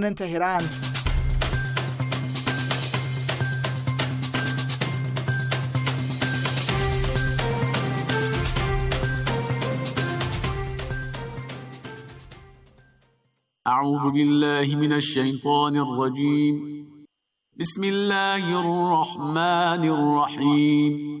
من تهران أعوذ بالله من الشيطان الرجيم بسم الله الرحمن الرحيم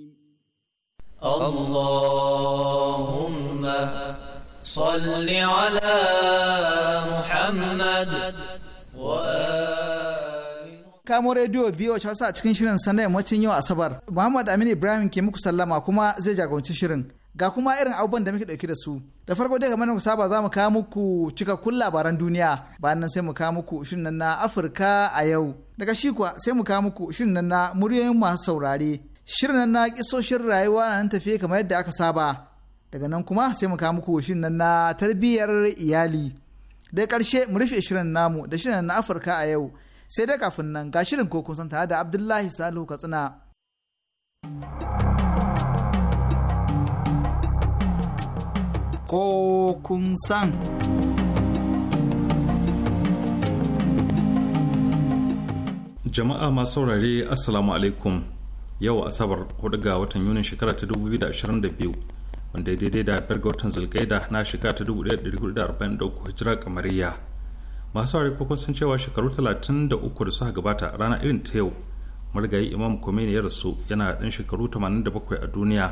اللهم صل على محمد kamo rediyo biyu hausa wasu a cikin shirin sanar yammacin yau asabar muhammad amin ibrahim ke muku sallama kuma zai jagoranci shirin ga kuma irin abubuwan da muke dauke da su da farko dai kamar ku saba za mu kawo muku cikakkun labaran duniya bayan nan sai mu kawo muku shirin na afirka a yau daga shi kuwa sai mu kawo muku shirin na muryoyin masu saurare shirin na kisoshin rayuwa na nan tafiye kamar yadda aka saba daga nan kuma sai mu kawo muku shirin nan na tarbiyyar iyali da karshe mu rufe shirin namu da shirin na afirka a yau sai dai kafin nan ga shirin ko kun san tare da abdullahi salihu katsina ko kun san jama'a masu saurare assalamu alaikum yau asabar 4 ga watan yunin shekara ta 2022 wanda daidai da birga ga watan zulkaida na shekara ta 1443 hijira kamariya masu ware kokon sun cewa shekaru 33 da suka gabata rana irin ta yau marigayi imam Khomeini ya rasu yana ɗan shekaru 87 a duniya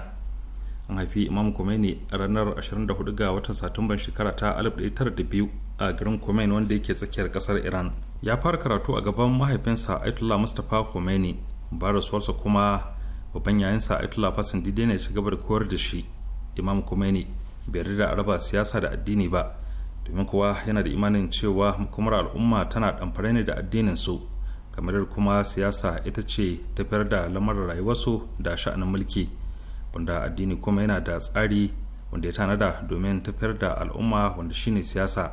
an haifi imam Khomeini a ranar 24 ga watan satumban shekara ta 1902 a garin Khomeini wanda yake tsakiyar kasar iran ya fara karatu a gaban mahaifinsa aitullah mustapha Khomeini baros walsa kuma babban sa Ayatollah Fasin Dide ne ci gaba da koyar da shi Imam Khomeini bai rida araba siyasa da addini ba domin kuwa yana da imanin cewa hukumar al'umma tana ɗamfare ne da addinin su kamar kuma siyasa ita ce tafiyar da lamarin rayuwarsu da sha'anin mulki wanda addini kuma yana da tsari wanda ya tanada domin tafiyar da al'umma wanda shine siyasa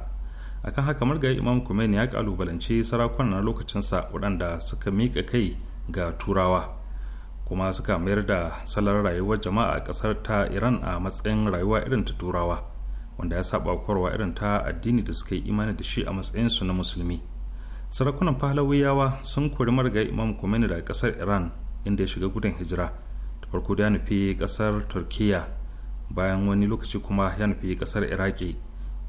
akan haka margayi imam kumeni ya kalubalance sarakunan na lokacinsa waɗanda suka mika kai ga turawa kuma suka mayar da salon rayuwar jama'a a ƙasar ta iran a matsayin rayuwa irin ta turawa wanda ya saba korwa irin ta addini da suka yi imani da shi a su na musulmi sarakunan pahlawiyawa sun kori marga imam kumeni daga ƙasar iran inda ya shiga gudun hijira da farko da ya nufi ƙasar turkiya bayan wani lokaci kuma ya nufi ƙasar iraki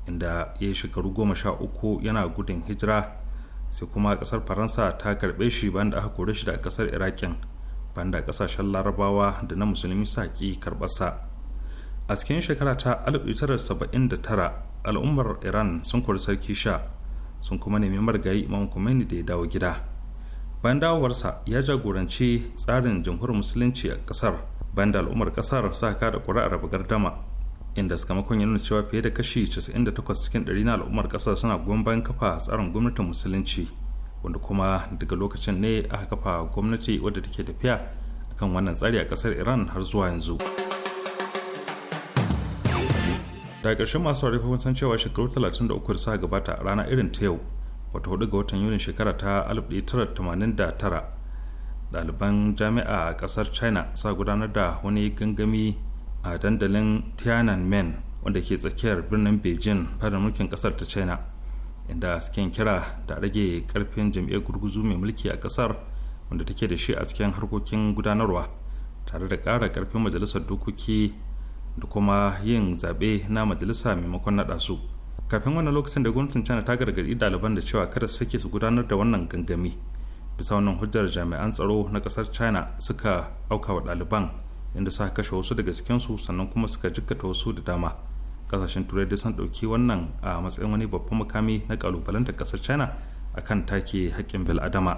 inda ya yi shekaru goma sha uku yana gudun hijira sai kuma kasar faransa ta karbe shi bayan aka kore shi da kasar irakin bayan kasashen larabawa da na musulmi su haƙi a cikin shekara ta 1979 al'ummar iran sun kori sarki sha sun kuma nemi margayi imam kumeni da ya dawo gida bayan dawowarsa ya jagoranci tsarin jamhuriyar musulunci a kasar banda al'ummar kasar sa da kuri'ar raba gardama inda sakamakon ya nuna cewa fiye da kashi 98 cikin ɗari na al'ummar kasar suna goyon bayan kafa tsarin gwamnatin musulunci wanda kuma daga lokacin ne aka kafa gwamnati wadda take tafiya akan wannan tsari a kasar iran har zuwa yanzu daga ƙarshen masu saurari kun san cewa shekaru 33 da suka gabata a rana irin ta yau wata hudu ga watan yuni shekara ta 1989 ɗaliban jami'a a kasar china sa gudanar da wani gangami a dandalin tiananmen wanda ke tsakiyar birnin beijing fadar mulkin kasar ta china inda suke kira da rage karfin jam'iyyar gurguzu mai mulki a kasar wanda take da shi a cikin harkokin gudanarwa tare da kara karfin majalisar dokoki da kuma yin zaɓe na majalisa maimakon naɗa su kafin wannan lokacin da gwamnatin china ta gargaɗi ɗaliban da cewa kada su sake su gudanar da wannan gangami bisa wannan hujjar jami'an tsaro na ƙasar china suka auka wa ɗaliban inda suka kashe wasu daga cikinsu sannan kuma suka jikkata wasu da dama kasashen turai da sun ɗauki wannan a matsayin wani babban mukami na kalubalantar ƙasar china akan take haƙƙin bil'adama.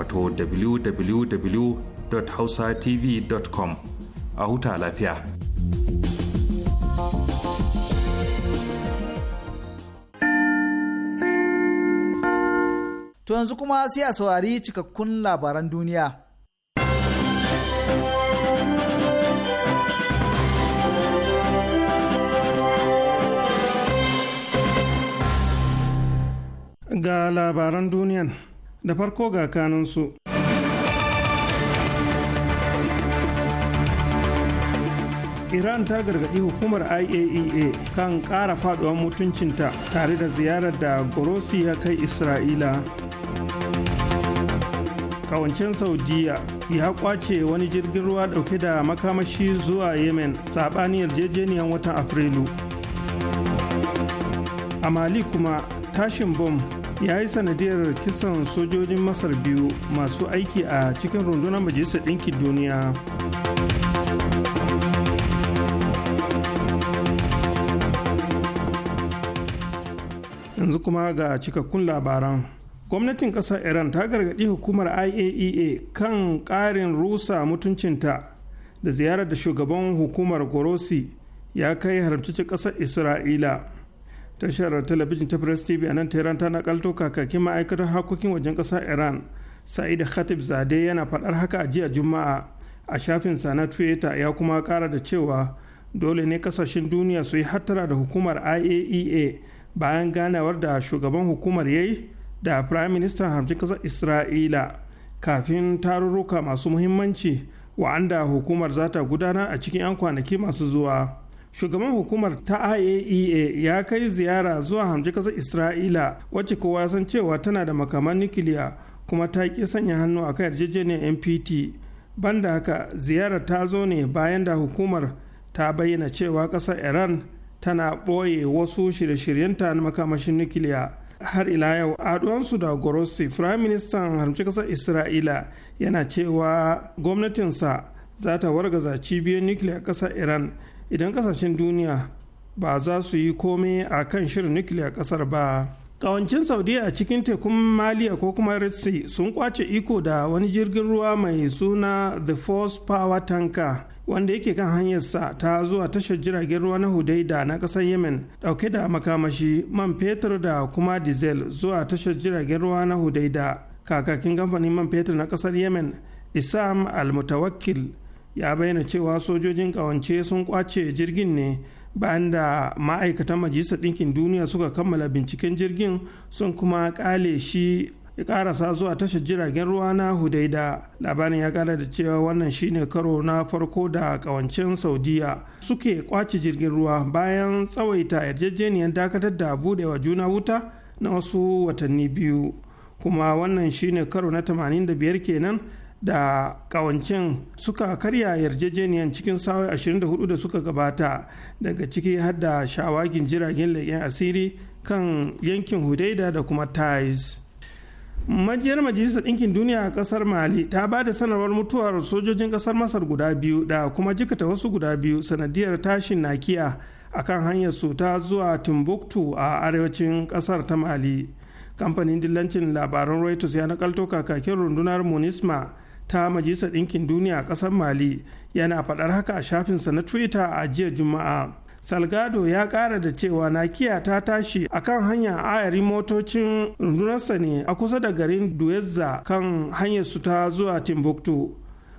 wato www.hausatv.com a huta lafiya. To yanzu kuma sai a saurari cikakkun labaran duniya. Ga labaran duniyan da farko ga kanunsu. iran ta gargaɗi hukumar iaea e kan ƙara faɗuwar mutuncinta tare da ziyarar da gorosi ya kai isra'ila kawancen saudiya ya kwace wani jirgin ruwa ɗauke da makamashi zuwa yemen saɓani yarjejeniyar watan afrilu a mali kuma tashin bom ya yi sanadiyar kisan sojojin masar biyu masu aiki a cikin rundunar majalisar ɗinkin duniya yanzu kuma ga cikakkun labaran gwamnatin ƙasar iran ta gargaɗi hukumar iaea e kan ƙarin rusa mutuncinta da ziyarar da shugaban hukumar gorosi ya kai haramcicin ƙasar isra'ila tashar talabijin ta press tv a nan tehran ta kalto kakakin ma'aikatar harkokin wajen ƙasar iran sa'id khatib zade yana faɗar haka a jiya juma'a a shafinsa na twitter ya kuma ƙara da cewa dole ne kasashen duniya su yi hattara da hukumar iaea e bayan ganawar da shugaban hukumar ya yi da prime minister hamshin ƙasar isra'ila kafin tarurruka masu muhimmanci wa'anda hukumar za ta gudanar a cikin 'yan kwanaki masu zuwa. shugaban hukumar ta iaea e ya kai ziyara zuwa hamji kasar isra'ila wacce kowa san cewa tana da makaman nukiliya kuma ta ki sanya hannu a kan yarjejeniyar npt banda haka ziyarar ta zo ne bayan da hukumar ta bayyana cewa kasar iran tana ɓoye wasu shirye-shiryenta na makamashin nukiliya har ila yau aduwansu da gorossi prime minister harmci kasar isra'ila yana cewa gwamnatinsa za ta wargaza cibiyar nukiliya kasar iran idan kasashen duniya ba za su yi komai a kan shirin nukiliya kasar ba kawancin saudiya a cikin tekun maliya ko kuma ritsi sun kwace iko da wani jirgin ruwa mai suna the force power tanker wanda yake kan hanyarsa ta zuwa tashar jiragen ruwa na hudaida na kasar yemen ɗauke da makamashi man fetur da kuma diesel zuwa tashar jiragen ruwa na hudaida kakakin kamfanin man fetur na kasar yemen isam al mutawakkil ya bayyana cewa sojojin kawance sun kwace jirgin ne bayan da ma'aikatan majalisar ɗinkin duniya suka kammala binciken jirgin sun kuma kale shi ya karasa zuwa tashar jiragen ruwa na hudaida labarin ya kara da cewa wannan shine karo na farko da kawancin saudiya suke kwace jirgin ruwa bayan tsawaita yarjejeniyar dakatar da budewa juna wuta na wasu watanni biyu kuma wannan shine karo na 85 kenan da kawancin suka karya yarjejeniyar cikin sawai 24 da suka gabata daga ciki har da shawagin jiragen leƙen asiri kan yankin hudaida da kuma tais majiyar majalisar ɗinkin duniya a ƙasar mali ta ba da sanarwar mutuwar sojojin ƙasar masar guda biyu da kuma jikata wasu guda biyu sanadiyar tashin nakiya a kan hanyar su ta zuwa timbuktu a arewacin ƙasar ta mali kamfanin dillancin labaran reuters ya nakalto kakakin rundunar munisma ta majalisar ɗinkin duniya a ƙasar mali yana faɗar haka a shafinsa na twitter a jiya juma'a salgado ya ƙara da cewa nakiya ta tashi a kan hanya ayari motocin rundunarsa ne a kusa da garin duezza kan hanyar su ta zuwa timbuktu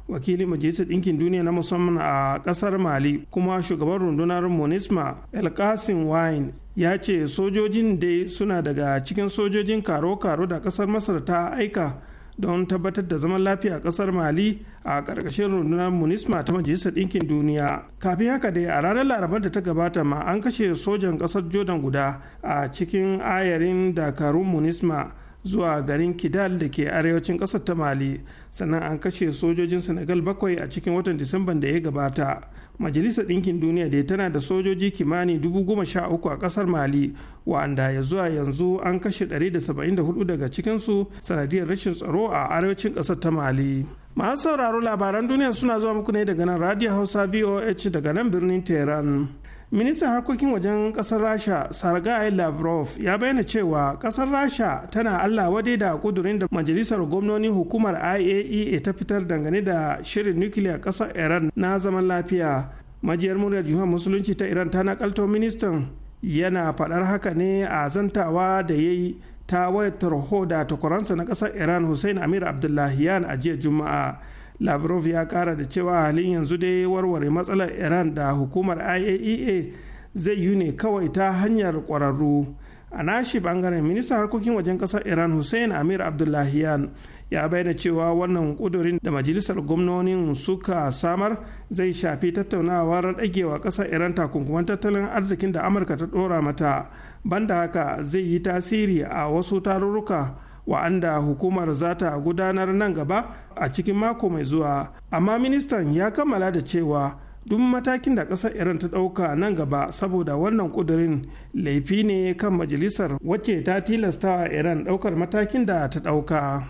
wakilin majalisar ɗinkin duniya na musamman a ƙasar mali kuma shugaban rundunar monisma elkasin wine ya ce sojojin dai suna daga cikin sojojin karo-karo da ƙasar masar ta aika don tabbatar da zaman lafiya a kasar mali a ƙarƙashin rundunar munisma ta majalisar ɗinkin duniya kafin haka dai a ranar larabar da ta gabata ma an kashe sojan ƙasar jordan guda a cikin ayarin dakarun munisma zuwa garin kidal da ke arewacin ƙasar ta mali sannan an kashe sojojin senegal bakwai a cikin watan disamban da ya gabata majalisar ɗinkin duniya dai tana da sojoji kimani dubu goma sha uku a ƙasar mali wa'anda ya zuwa yanzu an kashe da saba'in hudu daga cikinsu sanadiyar rashin tsaro a arewacin ƙasar ta mali masu sauraro labaran duniya suna zuwa muku ne daga nan radio hausa voh daga nan birnin tehran ministan harkokin wajen kasar rasha sargai lavrov ya bayyana cewa kasar rasha tana allah wadai da kudurin da majalisar gwamnonin hukumar iaea e ta fitar dangane da shirin nukiliya kasar iran na zaman lafiya majiyar muryar jihar musulunci ta iran ta nakalto ministan yana faɗar haka ne a zantawa da ya yi ta wayar tarho da takwaransa na ƙasar iran hussein amir abdullahiyan a jiya juma'a lavrov ya kara da cewa halin yanzu dai warware matsalar iran da hukumar iaea e zai yi ne kawai ta hanyar kwararru a nashi bangaren ministan harkokin wajen kasar iran hussein amir abdullahiyan ya bayyana cewa wannan kudurin da majalisar gwamnonin suka samar zai shafi tattaunawar ɗagewa ƙasar iran takunkuman tattalin arzikin da amurka ta ɗora mata banda haka zai yi tasiri a wasu tarurruka wa'anda hukumar za ta gudanar nan gaba a cikin mako mai zuwa amma ministan ya kammala da cewa duk matakin da ƙasar iran ta ɗauka nan gaba saboda wannan ƙudurin laifi ne kan majalisar wacce ta tilastawa iran ɗaukar matakin da ta ɗauka.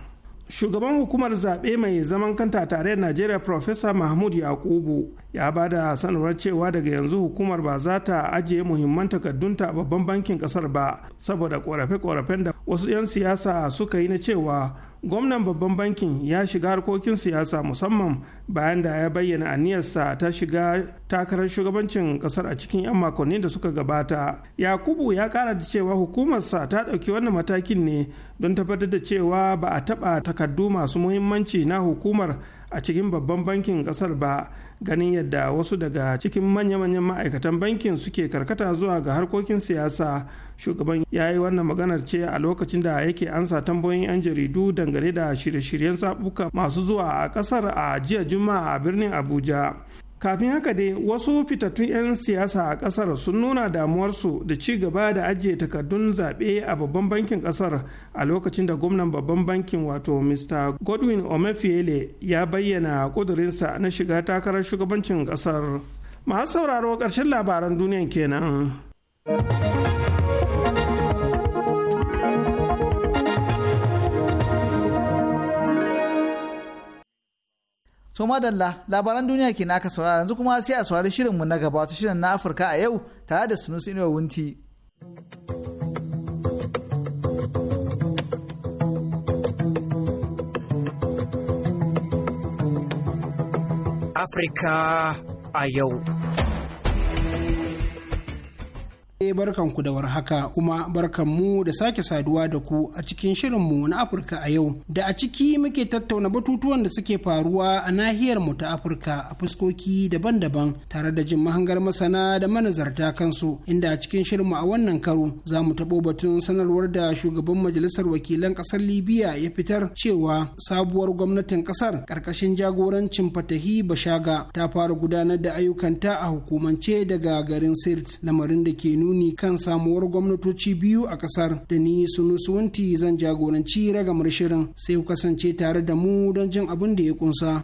shugaban hukumar zaɓe mai zaman kanta tarayyar najeriya profesa mahmud yakubu ya ba da sanarwar cewa daga yanzu hukumar ba za ta ajiye muhimman takardunta a babban bankin kasar ba saboda ƙorafe korafen da wasu 'yan siyasa suka yi na cewa gwamnan babban bankin ya shiga harkokin siyasa musamman bayan da ya bayyana aniyarsa ta shiga takarar shugabancin kasar a cikin 'yan makonni da suka gabata yakubu ya kara da cewa hukumarsa ta ɗauki wannan matakin ne don tabbatar da cewa ba a taɓa takardu masu muhimmanci na hukumar a cikin babban bankin kasar ba ganin yadda wasu daga cikin manya-manyan ma'aikatan bankin suke karkata zuwa ga harkokin siyasa shugaban ya yi wannan maganar ce a lokacin da yake ansa tambayoyin 'yan jaridu dangane da shirye-shiryen sabuka masu zuwa a kasar a jiya juma'a a birnin abuja kafin haka dai wasu fitattun 'yan siyasa a kasar sun nuna damuwarsu da ci gaba da ajiye takardun zaɓe a babban bankin kasar a lokacin da gwamnan babban bankin wato mr godwin omefiele ya bayyana kudurinsa na shiga takarar shugabancin kasar masu sauraro ƙarshen labaran duniyan kenan. To madalla labaran duniya ke naka saurara yanzu kuma sai a saurari shirinmu na gaba wato shirin na Afirka a yau tare da Sunusi Inuwa Wunti. Afirka a yau. Eh, ku da warhaka kuma mu da sake saduwa da ku a cikin shirin mu na Afirka a yau da a ciki muke tattauna batutuwan da suke faruwa a nahiyar mu ta Afirka a fuskoki daban-daban tare da jin mahangar masana da manazarta kansu inda a cikin shirin mu a wannan karo za mu taɓo batun sanarwar da shugaban majalisar wakilan ƙasar Libya ya fitar cewa sabuwar gwamnatin ƙasar ƙarƙashin jagorancin Fatahi Bashaga ta fara gudanar da ayyukanta a hukumance daga garin Sirt lamarin da ke nuna Yuni kan samuwar gwamnatoci biyu a kasar da ni sunusuwanti zan jagoranci ragamar shirin sai ku kasance tare da mu don jin abin da ya kunsa.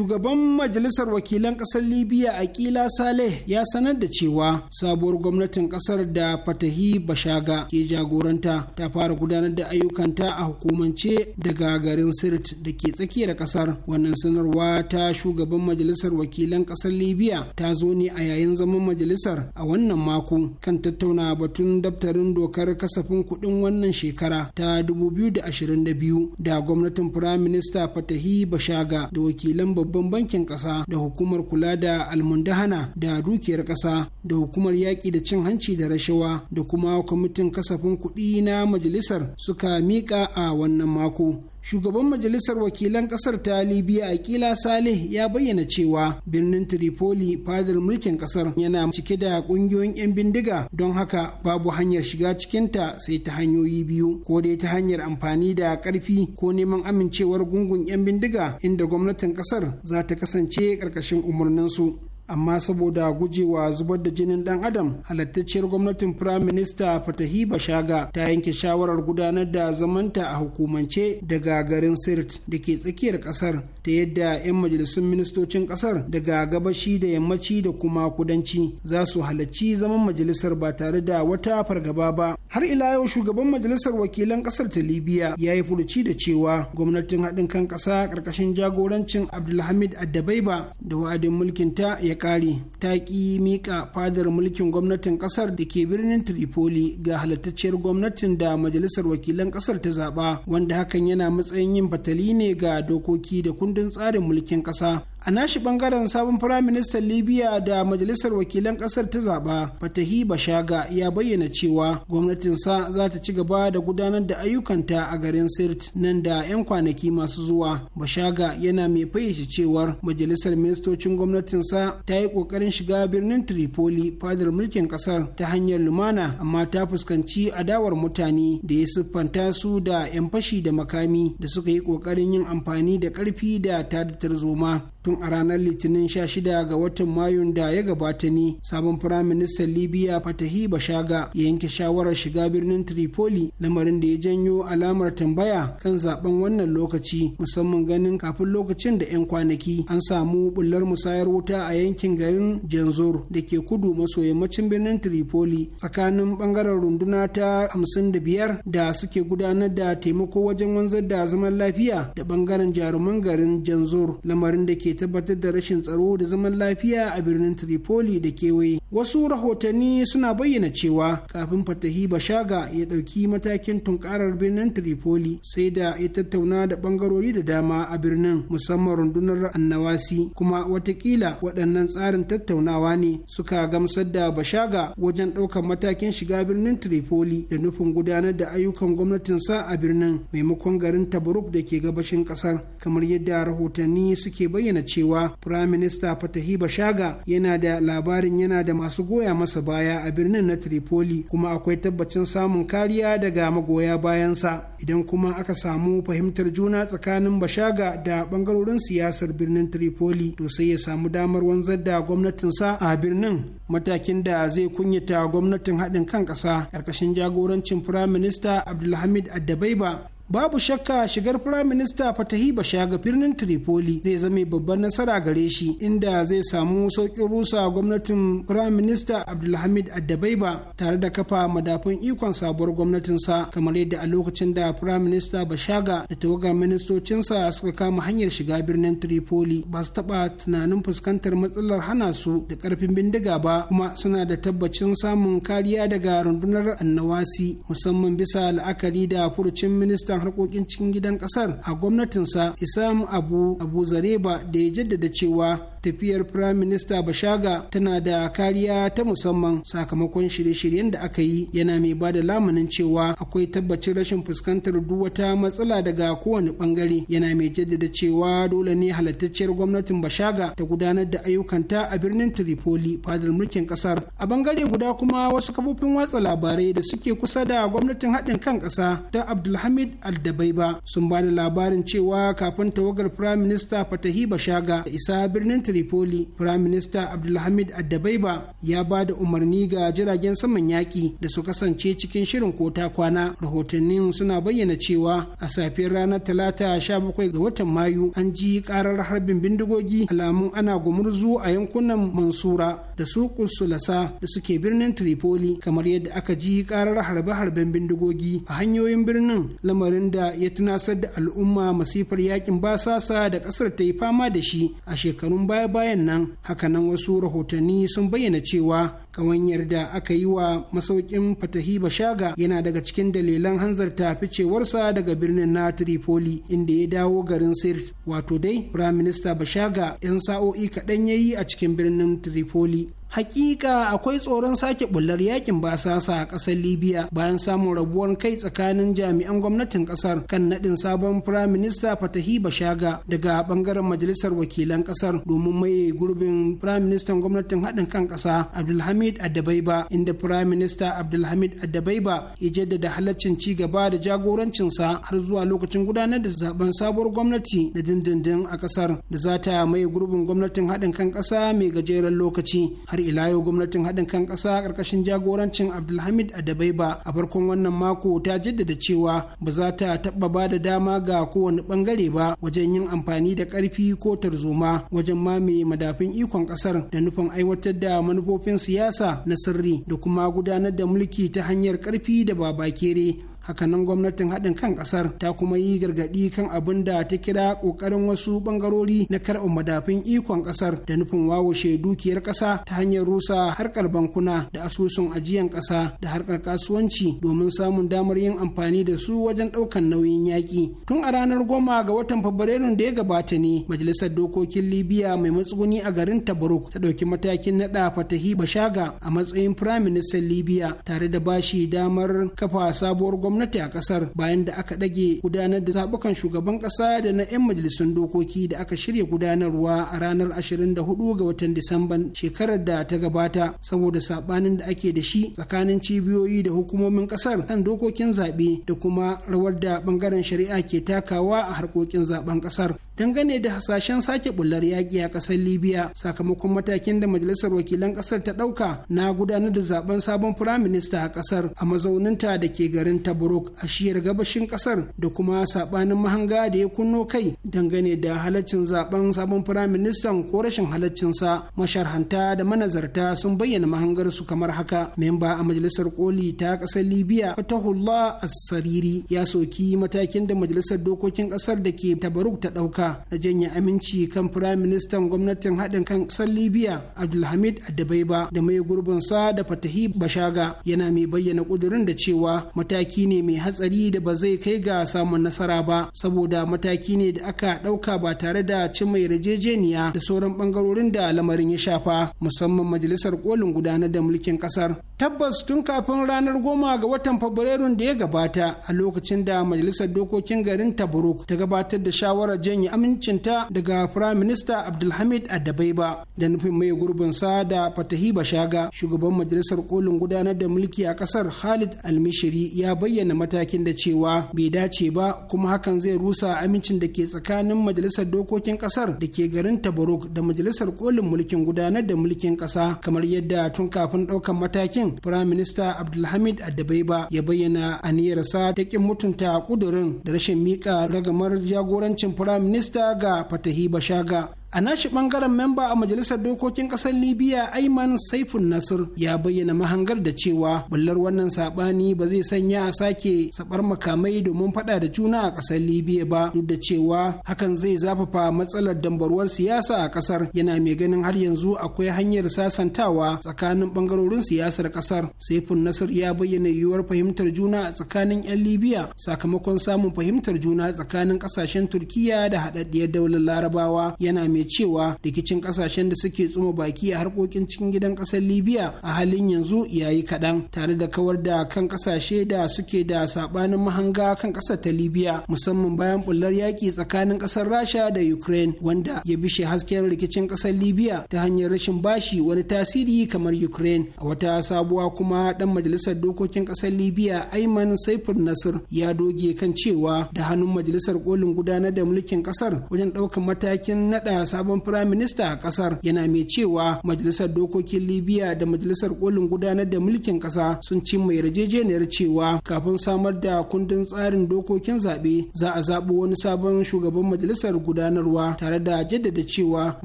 shugaban majalisar wakilan ƙasar libya akila saleh ya sanar da cewa sabuwar gwamnatin ƙasar da fatahi bashaga ke jagoranta ta fara gudanar da ayyukanta a hukumance daga garin sirt da ke tsakiyar ƙasar wannan sanarwa ta shugaban majalisar wakilan ƙasar libya ta zo ne a yayin zaman majalisar a wannan mako kan tattauna batun daftarin dokar kasafin kuɗin wannan shekara ta 2022 da gwamnatin firaminista fatahi bashaga da wakilan babban babban bankin ƙasa da hukumar kula da almundahana da dukiyar ƙasa da hukumar yaƙi da cin hanci da rashawa da kuma kwamitin kasafin kuɗi na majalisar suka miƙa a wannan mako shugaban majalisar wakilan kasar ta libya akila saleh ya bayyana cewa birnin tripoli fadar mulkin kasar yana cike da kungiyoyin 'yan bindiga don haka babu hanyar shiga cikinta sai ta hanyoyi biyu ko dai ta hanyar amfani da karfi ko neman amincewar gungun 'yan bindiga inda gwamnatin kasar za ta kasance ƙarƙashin umarninsu amma saboda gujewa zubar da jinin dan adam halattacciyar gwamnatin prime minister fatahi bashaga ta yanke shawarar gudanar da zamanta a hukumance daga garin sirt da ke tsakiyar kasar ta yadda 'yan majalisun ministocin kasar daga gabashi da yammaci da kuma kudanci za su halarci zaman majalisar ba tare da wata fargaba ba har ila yau shugaban majalisar wakilan kasar ta libya ya yi furuci da cewa gwamnatin haɗin kan ƙasa ƙarƙashin jagorancin abdulhamid addabaiba da wa'adin mulkinta ya kare ta ƙi miƙa fadar mulkin gwamnatin ƙasar da ke birnin tripoli ga halittacciyar gwamnatin da majalisar wakilan ƙasar ta zaɓa wanda hakan yana matsayin yin batali ne ga dokoki da kundin tsarin mulkin ƙasa a nashi bangaren sabon firaministan libya da majalisar wakilan kasar ta zaba fatahi bashaga ya bayyana cewa gwamnatinsa za ta ci gaba da gudanar da ayyukanta a garin sirt nan da 'yan kwanaki masu zuwa bashaga yana mai fayyace cewar majalisar ministocin gwamnatinsa ta yi kokarin shiga birnin tripoli fadar mulkin kasar ta hanyar lumana amma ta fuskanci adawar mutane da ya siffanta su da 'yan fashi da makami da suka yi kokarin yin amfani da karfi da tadatar zoma. tun a ranar litinin 16 ga watan mayun da ya gabata ne sabon firaministan libya fatahi bashaga ya yanke shawarar shiga birnin tripoli lamarin da ya janyo alamar tambaya kan zaben wannan lokaci musamman ganin kafin lokacin da 'yan kwanaki an samu bullar musayar wuta a yankin garin janzor da ke kudu maso yammacin birnin tripoli tsakanin bangaren runduna ta 55 da suke gudanar da taimako wajen wanzar da zaman lafiya da bangaren jaruman garin janzor lamarin da ke ke tabbatar da rashin tsaro da zaman lafiya a birnin Tripoli da kewaye. Wasu rahotanni suna bayyana cewa kafin Fatahi Bashaga ya ɗauki matakin tunkarar birnin Tripoli sai da ya tattauna da ɓangarori da dama a birnin musamman rundunar annawasi kuma watakila waɗannan tsarin tattaunawa ne suka gamsar da Bashaga wajen ɗaukar matakin shiga birnin Tripoli da nufin gudanar da ayyukan gwamnatinsa a birnin maimakon garin Tabaruk da ke gabashin ƙasar kamar yadda rahotanni suke bayyana bayyana cewa firaminista fatahi bashaga yana da labarin yana da masu goya masa baya a birnin na tripoli kuma akwai tabbacin samun kariya daga magoya bayansa idan kuma aka samu fahimtar juna tsakanin bashaga da bangarorin siyasar birnin tripoli to sai ya samu damar wanzar da gwamnatinsa a birnin matakin da zai kunyata gwamnatin haɗin kan ƙasa ƙarƙashin jagorancin firaminista abdulhamid addabaiba babu shakka shigar firaminista fatahi bashaga birnin tripoli zai zama babban nasara gare shi inda zai samu sauƙin rusa gwamnatin firaminista abdulhamid addabaiba tare da kafa madafun ikon sabuwar gwamnatinsa kamar yadda a lokacin da firaminista bashaga da tawagar ministocinsa suka kama hanyar shiga birnin tripoli ba su taɓa tunanin fuskantar matsalar hana su da ƙarfin bindiga ba kuma suna da tabbacin samun kariya daga rundunar annawasi musamman bisa la'akari da furucin ministan harkokin cikin gidan kasar a gwamnatinsa isam abu abu zareba da ya jaddada cewa tafiyar firayim minista bashaga tana da kariya ta musamman sakamakon shirye-shiryen da aka yi yana mai ba da lamunin cewa akwai tabbacin rashin fuskantar duk wata matsala daga kowane bangare yana mai jaddada cewa dole ne halittacciyar gwamnatin bashaga ta gudanar da ayyukanta a birnin tiripoli fadar mulkin kasar a bangare guda kuma wasu kafofin watsa labarai da suke kusa da gwamnatin haɗin kan ƙasa ta abdulhamid aldabaiba sun ba da labarin cewa kafin tawagar firayim minista fatahi bashaga da isa birnin Tripoli, Prime Minister Abdulhamid Addabaiba ya ba da umarni ga jiragen saman yaƙi da su kasance cikin shirin kota kwana. Rahotannin suna bayyana cewa a safiyar ranar Talata 17 ga watan Mayu an ji karar harbin bindigogi alamun ana gumurzu a yankunan Mansura da suƙun Sulasa da suke birnin Tripoli kamar yadda aka ji karar harbe-harben bindigogi a hanyoyin birnin lamarin da ya tunasar da al'umma masifar yakin basasa da ƙasar ta yi fama da shi a shekarun baya baya-bayan nan hakanan wasu rahotanni sun bayyana cewa kawan da aka yi wa masaukin fatahi bashaga yana daga cikin dalilan hanzarta ficewarsa daga birnin na tripoli inda ya dawo garin sirt wato dai firaminista bashaga 'yan sa'o'i kaɗan ya yi a cikin birnin tripoli hakika akwai tsoron sake bullar yakin basasa a ƙasar libya bayan samun rabuwar kai tsakanin jami'an gwamnatin ƙasar kan naɗin sabon firaminista fatahi bashaga daga ɓangaren majalisar wakilan ƙasar domin maye gurbin firaministan gwamnatin haɗin kan ƙasa abdulhamid adabaiba inda firaminista abdulhamid adabaiba ya jaddada halaccin ci gaba da jagorancinsa har zuwa lokacin gudanar da zaben sabuwar gwamnati na dindindin a ƙasar da za ta maye gurbin gwamnatin haɗin kan ƙasa mai gajeren lokaci har ila yau gwamnatin haɗin kan ƙasa ƙarƙashin jagorancin abdulhamid adabaiba a farkon wannan mako ta jaddada cewa ba za ta taɓa ba da dama ga kowane ɓangare ba wajen yin amfani da ƙarfi ko tarzoma wajen mamaye madafin ikon ƙasar da nufin aiwatar da manufofin siyasa na sirri da kuma gudanar da mulki ta hanyar ƙarfi da babakere hakanan gwamnatin haɗin kan ƙasar ta kuma yi gargaɗi kan abin da ta kira ƙoƙarin wasu ɓangarori na karɓar madafin ikon ƙasar da nufin wawashe dukiyar ƙasa ta hanyar rusa harkar bankuna da asusun ajiyan ƙasa da harkar kasuwanci domin samun damar yin amfani da su wajen ɗaukan nauyin yaƙi tun a ranar goma ga watan fabrairun da ya gabata ne majalisar dokokin libya mai matsuguni a garin tabaruk ta ɗauki matakin naɗa fatahi bashaga a matsayin firaministan libya tare da bashi damar kafa sabuwar gwamnati gwamnati a kasar bayan da aka dage gudanar da zaɓukan shugaban ƙasa da na 'yan majalisun dokoki da aka shirya gudanarwa a ranar 24 ga watan Disamban shekarar da ta gabata saboda saɓanin da ake da shi tsakanin cibiyoyi da hukumomin ƙasar kan dokokin zaɓe da kuma rawar da ɓangaren shari'a ke takawa a harkokin zaɓen ƙasar. dangane da hasashen sake bullar yaƙi a ƙasar libya sakamakon matakin da majalisar wakilan ƙasar ta ɗauka na gudanar da zaben sabon firaminista a ƙasar a mazauninta da ke garin tab tobruk a shiyar gabashin kasar da kuma sabanin mahanga da ya kunno kai dangane da halaccin zaben sabon firaministan ko rashin halaccinsa masharhanta da manazarta sun bayyana mahangar su kamar haka memba a majalisar koli ta kasar libya fatahullah as-sariri ya soki matakin da majalisar dokokin kasar da ke tabaruk ta dauka na janye aminci kan firaministan gwamnatin haɗin kan kasar libya abdulhamid adabaiba da mai gurbinsa da fatahi bashaga yana mai bayyana ƙudurin da cewa mataki ne mai hatsari da ba zai kai ga samun nasara ba saboda mataki ne da aka ɗauka ba tare da mai rajejeniya da sauran ɓangarorin da lamarin ya shafa musamman majalisar kolin gudanar da mulkin ƙasar tabbas tun kafin ranar goma ga watan fabrairun da ya gabata a lokacin da majalisar dokokin garin tabaruk ta gabatar da shawarar janye amincinta daga firayim minista abdulhamid adabaiba da nufin mai gurbin sa da fatahi bashaga shugaban majalisar kolin gudanar da mulki a kasar khalid almishiri ya bayyana bayyana matakin da cewa bai dace ba kuma hakan zai rusa amincin da ke tsakanin majalisar dokokin kasar da ke garin tabarok da majalisar kolin mulkin gudanar da mulkin kasa kamar yadda tun kafin ɗaukan matakin firayim minista abdulhamid adabaiba ya bayyana aniyarsa ta kin mutunta kudurin da rashin miƙa ragamar jagorancin firayim minista ga fatahi bashaga a nashi bangaren memba a majalisar dokokin kasar libya aiman saifun nasir ya bayyana mahangar da cewa bullar wannan sabani ba zai sanya a sake sabar makamai domin fada da juna a kasar libya ba duk da cewa hakan zai zafafa matsalar dambarwar siyasa a kasar yana mai ganin har yanzu akwai hanyar sasantawa tsakanin bangarorin siyasar kasar saifun nasir ya bayyana yiwuwar fahimtar juna a tsakanin 'yan libya sakamakon samun fahimtar juna tsakanin kasashen turkiya da haɗaɗɗiyar daular larabawa yana mai mai cewa rikicin kasashen da suke tsuma baki a harkokin cikin gidan kasar libya a halin yanzu yayi kaɗan tare da kawar da kan kasashe da suke da sabanin mahanga kan kasar ta libya musamman bayan bullar yaki tsakanin kasar rasha da ukraine wanda ya bishe hasken rikicin kasar libya ta hanyar rashin bashi wani tasiri kamar ukraine a wata sabuwa kuma dan majalisar dokokin kasar libya aiman saifur nasir ya doge kan cewa da hannun majalisar kolin gudanar da mulkin kasar wajen ɗaukar matakin naɗa. sabon firaminista a kasar yana mai cewa majalisar dokokin libya da majalisar kolin gudanar da mulkin kasa sun ci mai yarjejeniyar cewa kafin samar da kundin tsarin dokokin zaɓe za a zaɓi wani sabon shugaban majalisar gudanarwa tare da jaddada cewa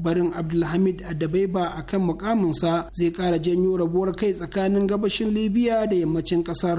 barin abdulhamid adabaiba a kan mukaminsa zai ƙara janyo rabuwar kai tsakanin gabashin libya da yammacin kasar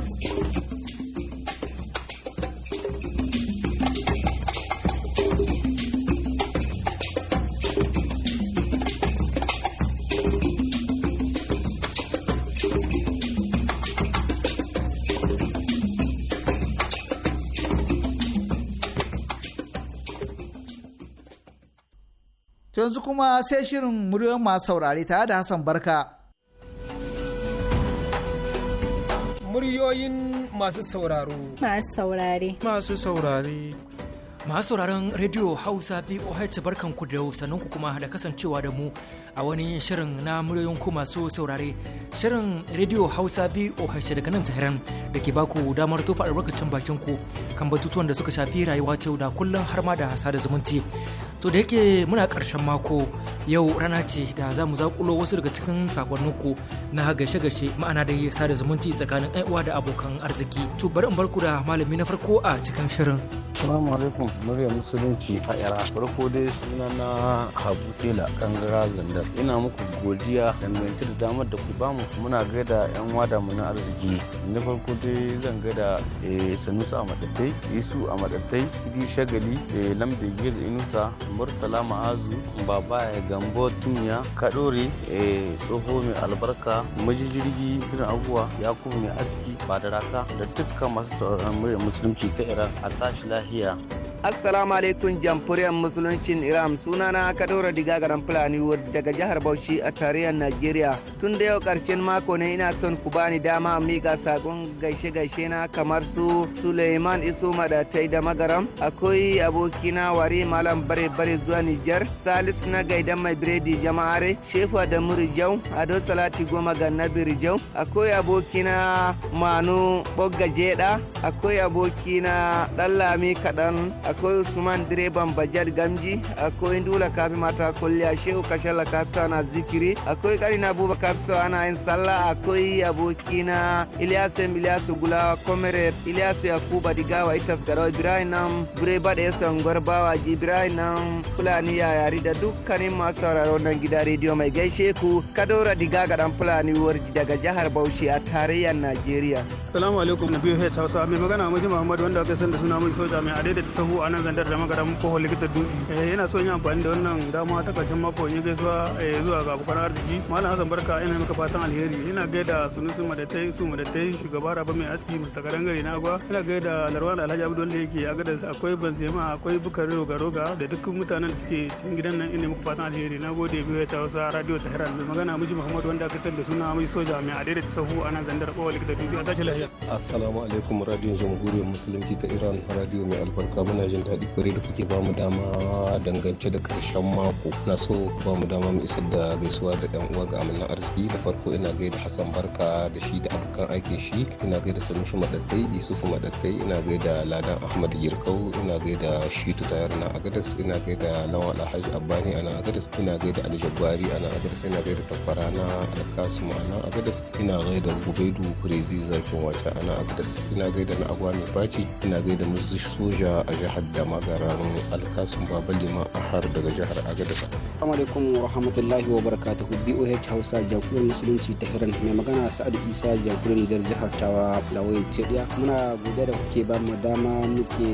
yanzu kuma sai shirin muryoyin masu saurare tare da Hassan Barka. Muryoyin masu sauraro. Masu saurare. Masu saurare. Masu sauraron Radio Hausa BOH barkanku da ku kuma da kasancewa da mu a wani shirin na muryoyin ku masu saurare. Shirin Radio Hausa BOH daga nan Tahiran da ke baku damar tofa albarkacin bakin ku kan batutuwan da suka shafi rayuwa ta da kullum har ma da sada zumunci. to da yake muna ƙarshen mako yau rana ce da za mu zaƙulo wasu daga cikin sakonninku na gashe-gashe ma'ana da da zumunci tsakanin uwa da abokan arziki to bari in barku da malami na farko a cikin shirin Salamu alaikum murya musulunci a yara farko dai suna na Habu Tela Kangara Zandar ina muku godiya dangance da damar da ku bamu muna gaida yan wada mu na arziki na farko dai zan gaida eh, Sanusa a matattai. Isu a matattai. Idi Shagali eh, Lambe gida Inusa murtala ma'azu baba ya gambo tunya kadore eh, tsoho mai albarka majijirgi jiran aguwa yakubu mai aski badaraka da dukkan masu sauraron musulunci ta iran a tashi lahiya Assalamu alaikum jamhuriyar musuluncin Iran sunana Kadora Diga garan Fulani daga jihar Bauchi a tarayyar Najeriya. Tun da yau karshen mako ne ina son ku bani dama mika sakon gaishe gaishe na kamar su Suleiman Isu Madatai da Magaram, akwai abokina Wari Malam Bare Bare zuwa Nijar, Salisu na gaidan mai biredi jama'are, shefu da Murijau, Ado Salati Goma ga Nabirijau, akwai abokina Manu Bogga Jeda, akwai abokina Dallami Kaɗan, akwai usman direban bajar gamji akwai dula kafi mata a shehu kashalla kafi ana zikiri akwai karina abubakar so ana yin sallah akwai abokina ilyasu ilyasu gulawa komere ilyasu yakuba digawa ita garau ibrahim nan bureba da yasan gwarbawa ibrahim na fulani yari da dukkanin masu sauraro nan gida rediyo mai gaishe ku kadora diga dan fulani warji daga jihar bauchi a tarayyar najeriya salamu alaikum na biyu hausa mai magana muji muhammad wanda aka san da suna mai soja mai adaidaita sahu a nan zandar da magaram kofar likita dutse eh, ina son yin amfani da wannan dama ta karshen mako in yi gaisuwa eh, zuwa ga abokan arziki malam hassan barka ina maka fatan alheri ina gaida sunusu madatai su madatai shugaba raba mai aski mr karangare na gwa ina gaida larwan alhaji abdul da yake a gadar akwai banzema akwai bukari roga roga da dukkan mutanen da suke cikin gidan nan ina maka fatan alheri na gode biyu ya tawo sa radio tehran mai magana miji muhammad wanda aka sani da suna mai soja mai adai da sahu a nan zandar kowa likita dutse a tashi lafiya assalamu alaikum radio jamhuriyar musulunci ta iran radio mai albarka muna jin daɗi kwarai da kuke bamu dama dangance da ƙarshen mako na so ba mu dama mu isar da gaisuwa da ɗan uwa ga amalin arziki da farko ina gaida hassan barka da shi da abokan aikin shi ina gaida sanushi madattai isufu madattai ina gaida ladan ahmad yirkau ina gaida shitu tayar na agadas ina gaida lawan alhaji abbani ana agadas ina gaida aljabari ana agadas ina gaida tabbara na alkasu ana agadas ina gaida gubaidu kurezi zakin wata ana agadas ina gaida na agwami baci ina gaida musu soja a jihar jihar da magaran alkasun baba liman ahar daga jihar agadez assalamu alaikum wa rahmatullahi wa barakatuhu boh hausa jagoran musulunci ta hiran mai magana sa'adu isa jagoran nijar jihar tawa lawai cediya muna godiya da kuke ba mu dama muke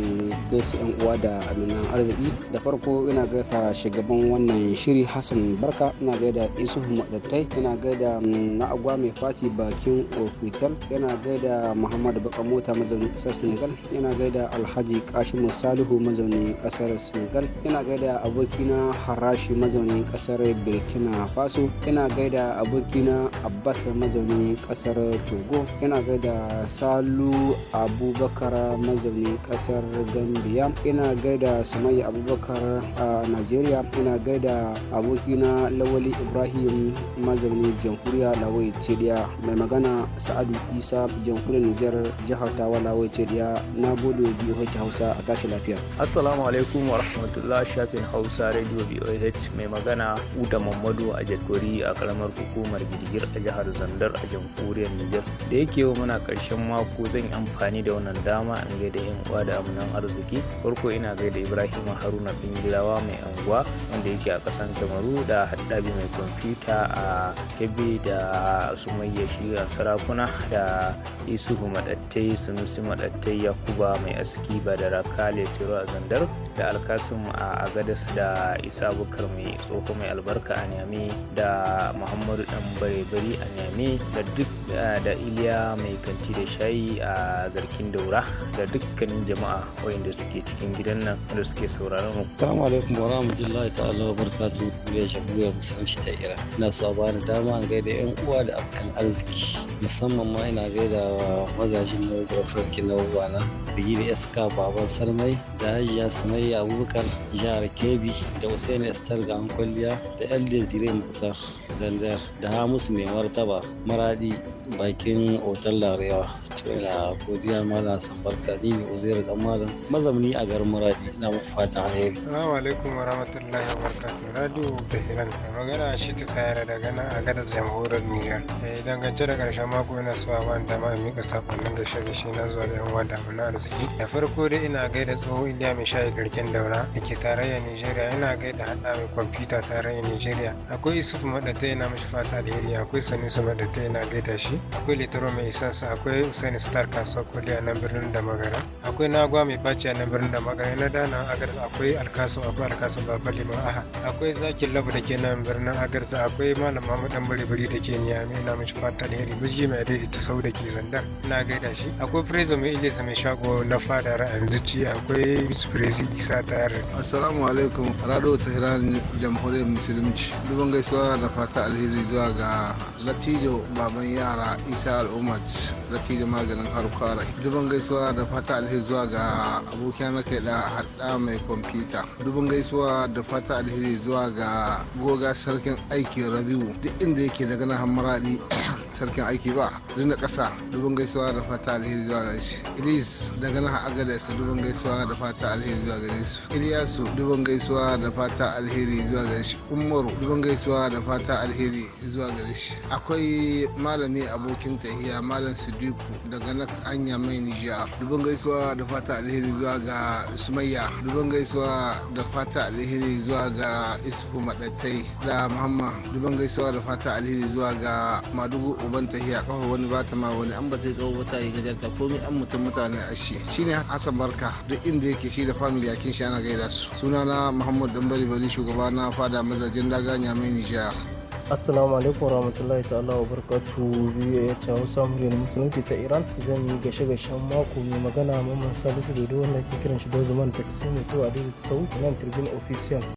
gaisa yan uwa da aminan arziki da farko ina gaisa shugaban wannan shiri hassan barka ina gaida isuhu madattai ina gaida mm, na agwa mai faci bakin ofital yana gaida muhammadu baka mota mazaunin kasar senegal yana gaida alhaji kashi musa salihu mazaunin kasar senegal yana gaida abokina harashi mazaunin kasar burkina faso yana gaida abokina abbas mazaunin kasar togo yana gaida salu abubakar mazaunin kasar gambia yana gaida Sumayya abubakar a nigeria yana gaida abokina lawali ibrahim mazaunin jamhuriya lawai cediya mai magana sa'adu isa jamhuriyar nijar jihar tawa lawai cediya na gode biyu hausa a tashi lafiya lafiya assalamu alaikum wa rahmatullah shafin hausa radio boh mai magana uda mamadu a jakori a karamar hukumar girgir a jihar zandar a jamhuriyar nijar da yake wa muna karshen mako zan yi amfani da wannan dama in gaida yan uwa da amunan arziki farko ina gaida ibrahim haruna bingilawa mai anguwa wanda yake a kasan kamaru da haddabi mai kwamfuta a kebe da sumayya a sarakuna da isuhu madattai sunusi madattai yakuba mai aski badarakale. kale ya a zandar da alkasim a agadas da isa bukar mai tsoho mai albarka a nyame da muhammadu dan barebari a nyame da duk eh, da iliya mai kanti da shayi a garkin daura da dukkanin jama'a wayanda suke cikin gidan nan da suke sauraron mu assalamu alaikum wa rahmatullahi ta'ala wa barakatuhu ya shabuya musamman ta ira ina so ba ni dama an gaida yan uwa da abokan arziki musamman ma ina gaida wa mazajin na da farki na uwana da iska baban sarmai da hajiya sanai Ali Abubakar jihar Kebbi da Hussein Estar ga kwalliya da El zire Mukhtar Zandar da Hamus mai martaba maradi bakin otal Larewa. To ina godiya malam Sambarka ni ne Uzair dan malam mazamni a garin Maradi ina muku fata alheri. Assalamu alaikum wa rahmatullahi wa barakatuh. Radio bahiran da magana shi ta tare daga gana a gadar jamhuriyar Niger. Eh dangance da karshen mako ina so a ban dama in mika nan da shirye na zuwa da yan da amana arziki. Da farko dai ina gaida tsohon indiya mai shayi garki garkin daura da ke tarayyar nigeria yana gaida hada mai kwamfuta tarayyar nigeria akwai isuf madatai yana mashi fata alheri akwai sanusi madatai yana gaida shi akwai litoro mai isansa akwai usain star kasuwa koliya a nan birnin da magara akwai nagwa mai baci a nan birnin da magara na dana agarsa akwai alkasu akwai alkasu babban liman aha akwai zakin labu da ke nan birnin agarsa akwai malam mahmud dan bari da ke niyami yana mashi fata alheri miji mai daidai ta sau da ke zandar ina gaida shi akwai prezo mai ilisa mai shago na fada ra'ayin zuci akwai vice isa tare. Assalamu alaikum Rado Tehran Jamhuriyar Musulunci. Dubin gaisuwa da fata alheri zuwa ga Latijo baban yara Isa Al'ummat Latijo maganin harkwara. Dubin gaisuwa da fata alheri zuwa ga abokiyar na kai da hada mai kwamfuta. Dubin gaisuwa da fata alheri zuwa ga goga sarkin aikin Rabiu duk inda yake da na hamaradi. sarkin aiki ba duk kasa dubin gaisuwa da fata alheri zuwa gare shi ilis daga nan agadez dubin gaisuwa da fata alheri zuwa gare su iliyasu dubin gaisuwa da fata alheri zuwa gare shi umaru dubin gaisuwa da fata alheri zuwa gare shi akwai malami abokin tahiya malam sidiku daga nan anya mai nijiya dubin gaisuwa da fata alheri zuwa ga sumayya dubin gaisuwa da fata alheri zuwa ga isfu madatai da muhammad dubin gaisuwa da fata alheri zuwa ga madugu uban tahiya kafa wani bata ma wani an ba zai tsawo gajar ta komai an mutum mutane shi shine Hassan Barka duk inda yake shi da family yakin shi ana gaida su sunana Muhammad Dambari Bali shugaba na fada mazajin daga Nyamai Nijar assalamu alaikum warahmatullahi ta'ala wa barkatu biyu ya ce hausa muryar musulunci ta iran zan yi gashe gashen mako mai magana mamman salisu da wanda ke kiran shi da zuman taxi mai kowa da tsawo nan tribune official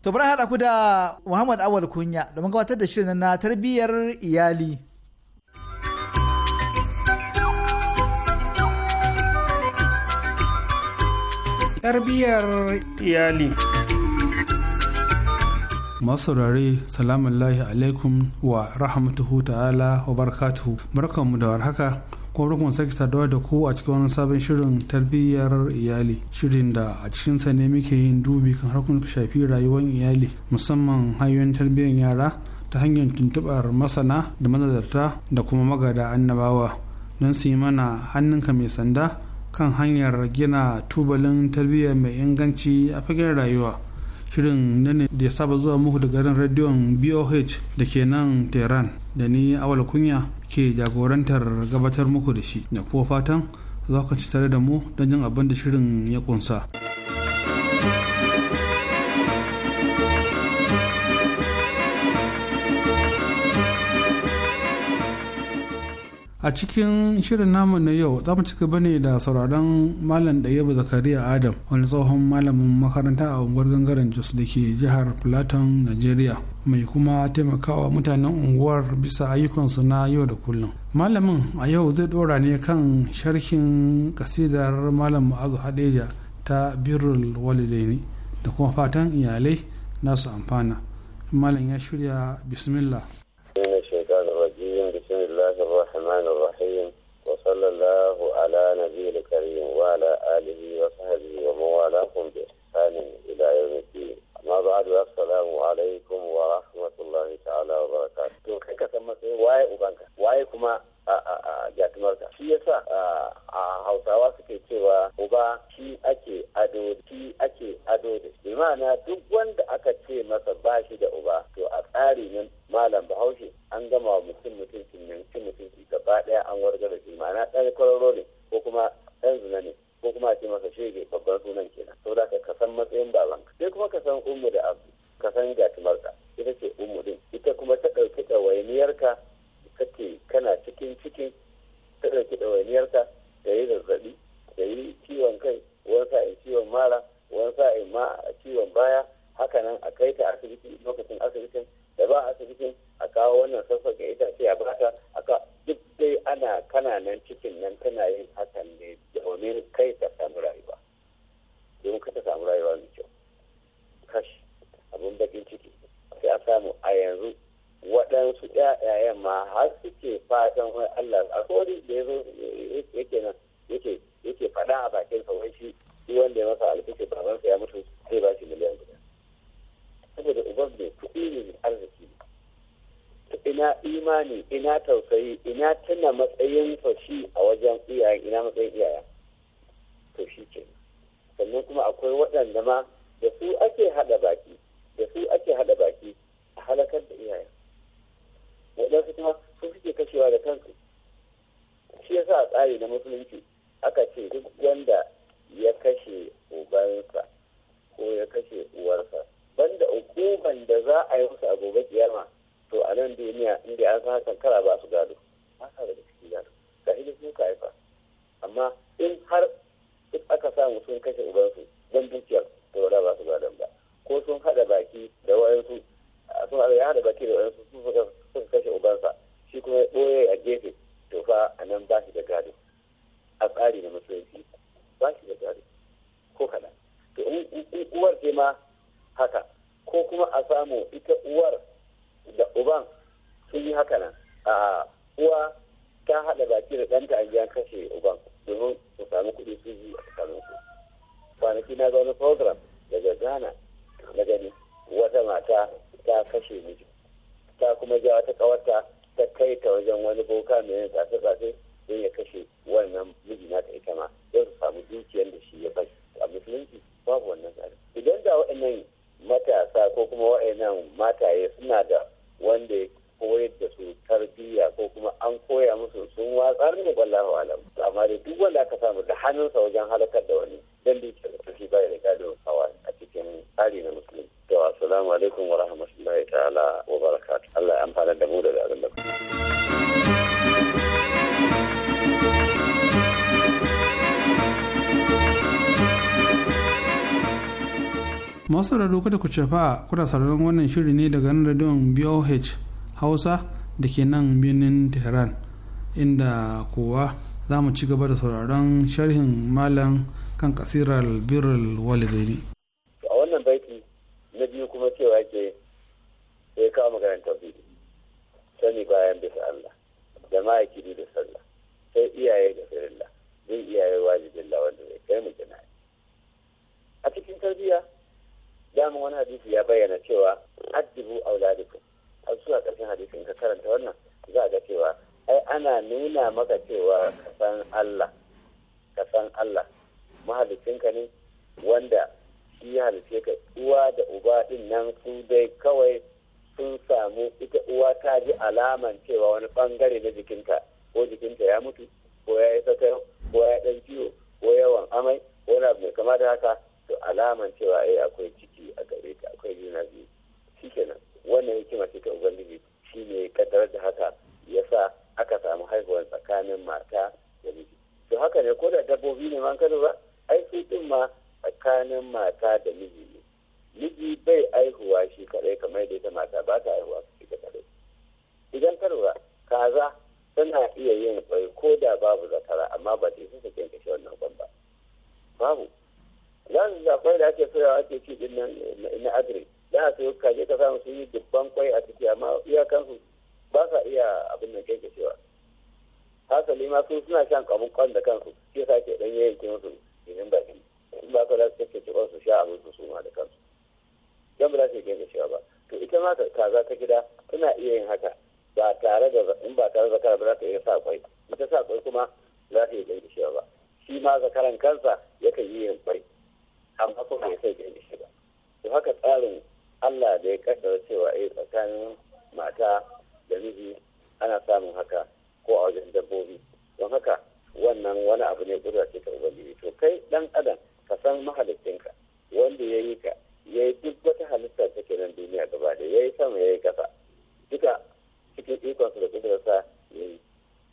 To bari haɗa ku da Muhammad Awal Kunya domin gabatar da shirin na tarbiyyar iyali. Tarbiyyar iyali. masu saurare salamun alaikum wa rahmatuhu ta'ala wa barakatuhu barkanmu da warhaka ko rukun sake saduwa da ku a cikin wani sabon shirin tarbiyyar iyali shirin da a cikinsa ne muke yin dubi kan harkun shafi rayuwar iyali musamman hanyoyin tarbiyyar yara ta hanyar tuntubar masana da manazarta da kuma magada annabawa don su yi mana hannunka mai sanda kan hanyar gina tubalin tarbiyyar mai inganci a fagen rayuwa shirin na ne da ya saba zuwa muku da garin rediyon boh da ke nan tehran da ni awal kunya ke jagorantar gabatar muku da shi da kuma fatan za ku ci tare da mu don jin abin da shirin ya kunsa. a cikin shirin namu na yau za mu ci gaba ne da sauraron malam ɗayyaba zakariya adam wani tsohon malamin makaranta a unguwar gangaren jos da ke jihar platon nigeria mai kuma taimakawa mutanen unguwar bisa ayyukansu na yau da kullum malamin a yau zai ɗora ne kan sharhin kasidar malam ma'azu hadeja ta birrul walidaini da kuma fatan iyalai nasu amfana malam ya shirya bismillah waye kuma a jatumarka shi yasa a hausawa suke kada ku cefa kuna sauraron wannan shiri ne daga nan radion boh hausa da ke nan birnin tehran inda kowa za mu ci gaba da sauraron sharhin malam kan kasirar birrul walidaini yana nuna maka cewa kasan Allah ka Allah mahalicinka ne wanda shi halice ka uwa da uba din nan su dai kawai sun samu ita uwa ta ji alaman cewa wani bangare na jikinka ko jikinta ya mutu ko ya yi sakar ko ya dan ciwo ko yawan amai ko na mai kama da haka to alaman cewa eh akwai ciki a gare ka akwai juna biyu shikenan wannan hikima ce ta ubangiji shine ya kaddar da haka ya sa aka samu haihuwar tsakanin mata da miji to haka ne ko da dabbobi ne man kada ba ai din ma tsakanin mata da miji ne miji bai aihuwa shi kadai kamar da ita mata ba ta aihuwa shi kadai idan ka lura kaza tana iya yin kwai ko da babu zakara amma ba ta yi sun sake kashe wannan kwan ba babu za su kwai da ake soyawa ake ci din nan na agri za a sayo kaje ka samu sun yi dubban kwai a ciki amma iyakansu ba sa iya abin da kai cewa hasali ma su suna shan kamun kwan da kansu shi sa ke dan yayin kin su idan ba kin in ba ka da suke ke su sha abin su ma da kansu don ba za su kai cewa ba to ita ma kaza ta gida tana iya yin haka ba tare da in ba tare da zakara ba za ta iya sa kwai ita sa kwai kuma za ta iya kai cewa ba shi ma zakaran kansa ya yakan yi yin kwai amma kuma ya sai kai shi ba to haka tsarin Allah da ya kaddara cewa yi eh, tsakanin mata da miji ana samun haka ko a wajen dabbobi don haka wannan wani abu ne kudura ce ta ubangiji to kai dan adam ka san mahalicinka wanda ya yi ka ya yi duk wata halitta ta ke nan duniya gaba da ya yi sama ya yi kasa duka cikin ikonsa da kudurarsa ya yi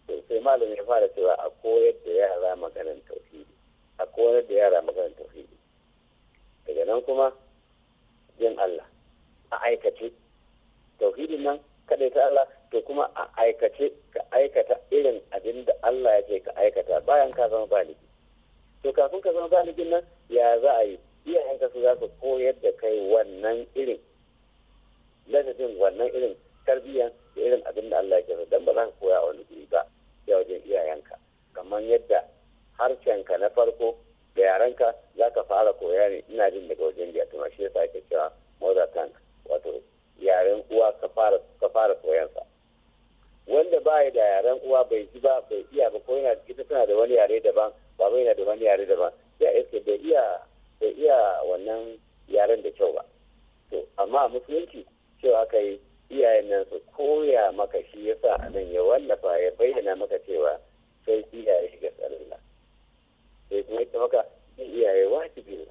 to sai malam ya fara cewa a koyar da yara maganin tauhidi a koyar da yara maganin tauhidi daga nan kuma yin Allah a aikace tauhidin nan kaɗai ta Allah to kuma a aikace ka aikata irin abin da Allah ya ce ka aikata bayan ka zama baligi to kafin ka zama baligin nan ya za a yi iyayenka su za su koyar da kai wannan irin ladabin wannan irin tarbiyyar da irin abin da Allah ya ce dan ba za ka koya wani guri ba ya wajen iyayenka kamar yadda harshen ka na farko da yarenka za ka fara koya ne ina jin daga wajen biya to shi yasa ake cewa mother tank wato yaren uwa ka fara koyansa wanda ba da yaren uwa bai ji ba bai iya ba ko yana ita tana da wani yare daban ba yana da wani yare daban ya iske bai iya bai iya wannan yaren da kyau ba to amma musulunci cewa ka yi iyayen nan su koya maka shi yasa a nan ya wallafa ya bayyana maka cewa sai iyaye shiga tsarin sai kuma ita maka iyaye wajibi ne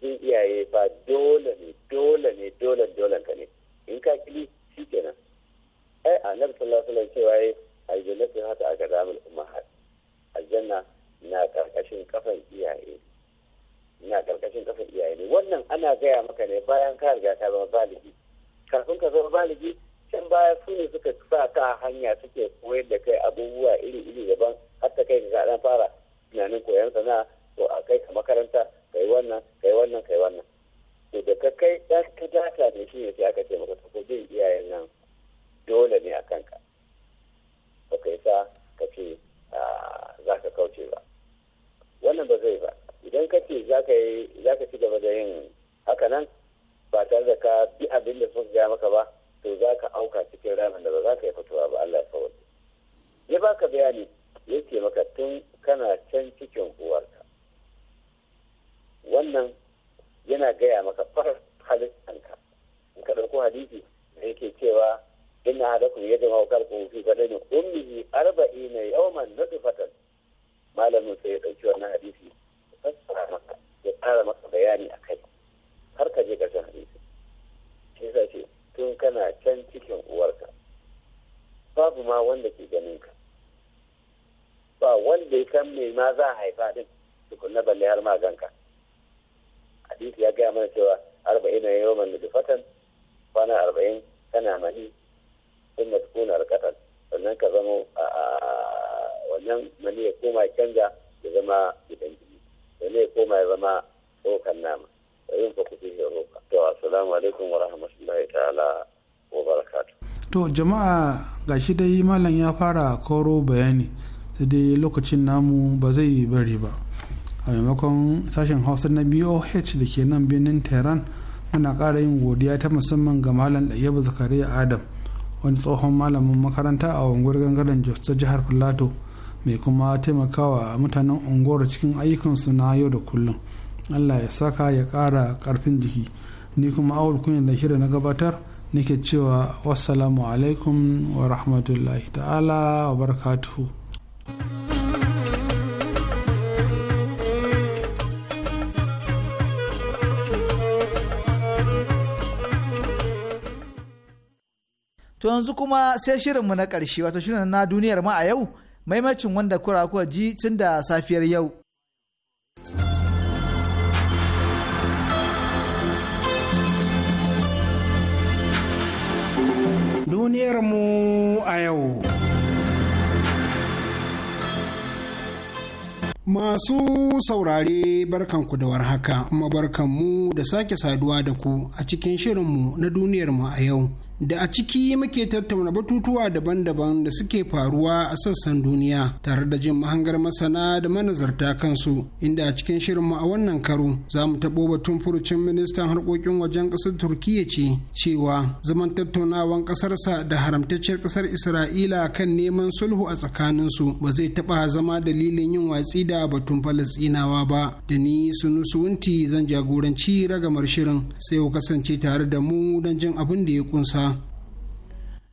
haƙƙin iyaye fa dole ne dole ne dole dole ka ne in ka kili shi kenan ai nan sallallahu alaihi wasallam cewa yayi aljannatu hata a gadamul a aljanna na karkashin kafan iyaye na karkashin kafan iyaye ne wannan ana gaya maka ne bayan ka riga ka zama baligi kafin ka zama baligi can baya su ne suka sa ka hanya suke koyar da kai abubuwa iri iri daban har ta kai ka dan fara tunanin koyon sana'a ko a kai ka makaranta kai wannan kai wannan kai wannan to da ka kai ɗan ka data ne shi ne sai aka ce maka ko bin iyayen nan dole ne a kanka ba kai sa ka ce ah, za ka kauce ba wannan ba zai ba idan ka ce za ka ci gaba da yin haka nan ba tare da ka bi abin da suka gaya maka ba to za ka auka cikin ramin da ba za ka yi fitowa ba Allah ya kawai ya baka bayani ya ce maka tun kana can cikin uwarka wannan yana gaya maka halin kanka in ka ɗauko hadisi da yake cewa inna yadda yajma'u khalqahu fi badani ummihi na yawman nutfatan malamin sai ya ɗauki wannan hadisi ya fassara maka ya ƙara maka bayani a kai har ka je ƙarshen hadisi shi sa ce tun kana can cikin uwarka babu ma wanda ke ganin ka ba wanda ya san me ma za a haifa din tukunna balle har ma ganka hadisi ya gaya mana cewa arba'in na yawman da fatan kwana arba'in kana mani sun matukuna alƙatan sannan ka zama a wannan mani ya koma ya ya zama gidan jini wani ya koma ya zama tsokan nama da yin kuɗi ya roka to assalamu alaikum wa rahmatullahi ta'ala wa barakatu. to jama'a gashi dai malam ya fara koro bayani sai dai lokacin namu ba zai bari ba a maimakon sashen hausa na boh da ke nan birnin tehran muna ƙara yin godiya ta musamman ga malam ɗayyaba zakariya adam wani tsohon malamin makaranta a unguwar gangaren jos jihar filato mai kuma taimakawa mutanen unguwar cikin ayyukansu na yau da kullum allah ya saka ya ƙara karfin jiki ni kuma awul kunya da shirya na gabatar nake cewa wassalamu alaikum wa rahmatullahi ta'ala wa barakatuhu. To yanzu kuma sai shirinmu na ƙarshe wato shirin na duniyar ma a yau maimacin wanda kura kuwa ji tun da safiyar yau. Duniyarmu a yau. Masu saurare barkanku da warhaka kuma barkanmu da sake saduwa da ku a cikin shirinmu na duniyarmu a yau. da a ciki muke tattauna batutuwa daban-daban da suke faruwa a sassan duniya tare da jin mahangar masana da manazarta kansu inda a cikin shirinmu a wannan karo za mu taɓo batun furucin ministan harkokin wajen ƙasar Turkiyya ce cewa zaman tattaunawan ƙasarsa da haramtacciyar ƙasar isra'ila kan neman sulhu a tsakaninsu ba zai taɓa zama dalilin yin watsi da batun falastinawa ba da ni suwunti zan jagoranci ragamar shirin sai ku kasance tare da mu don jin abin da ya kunsa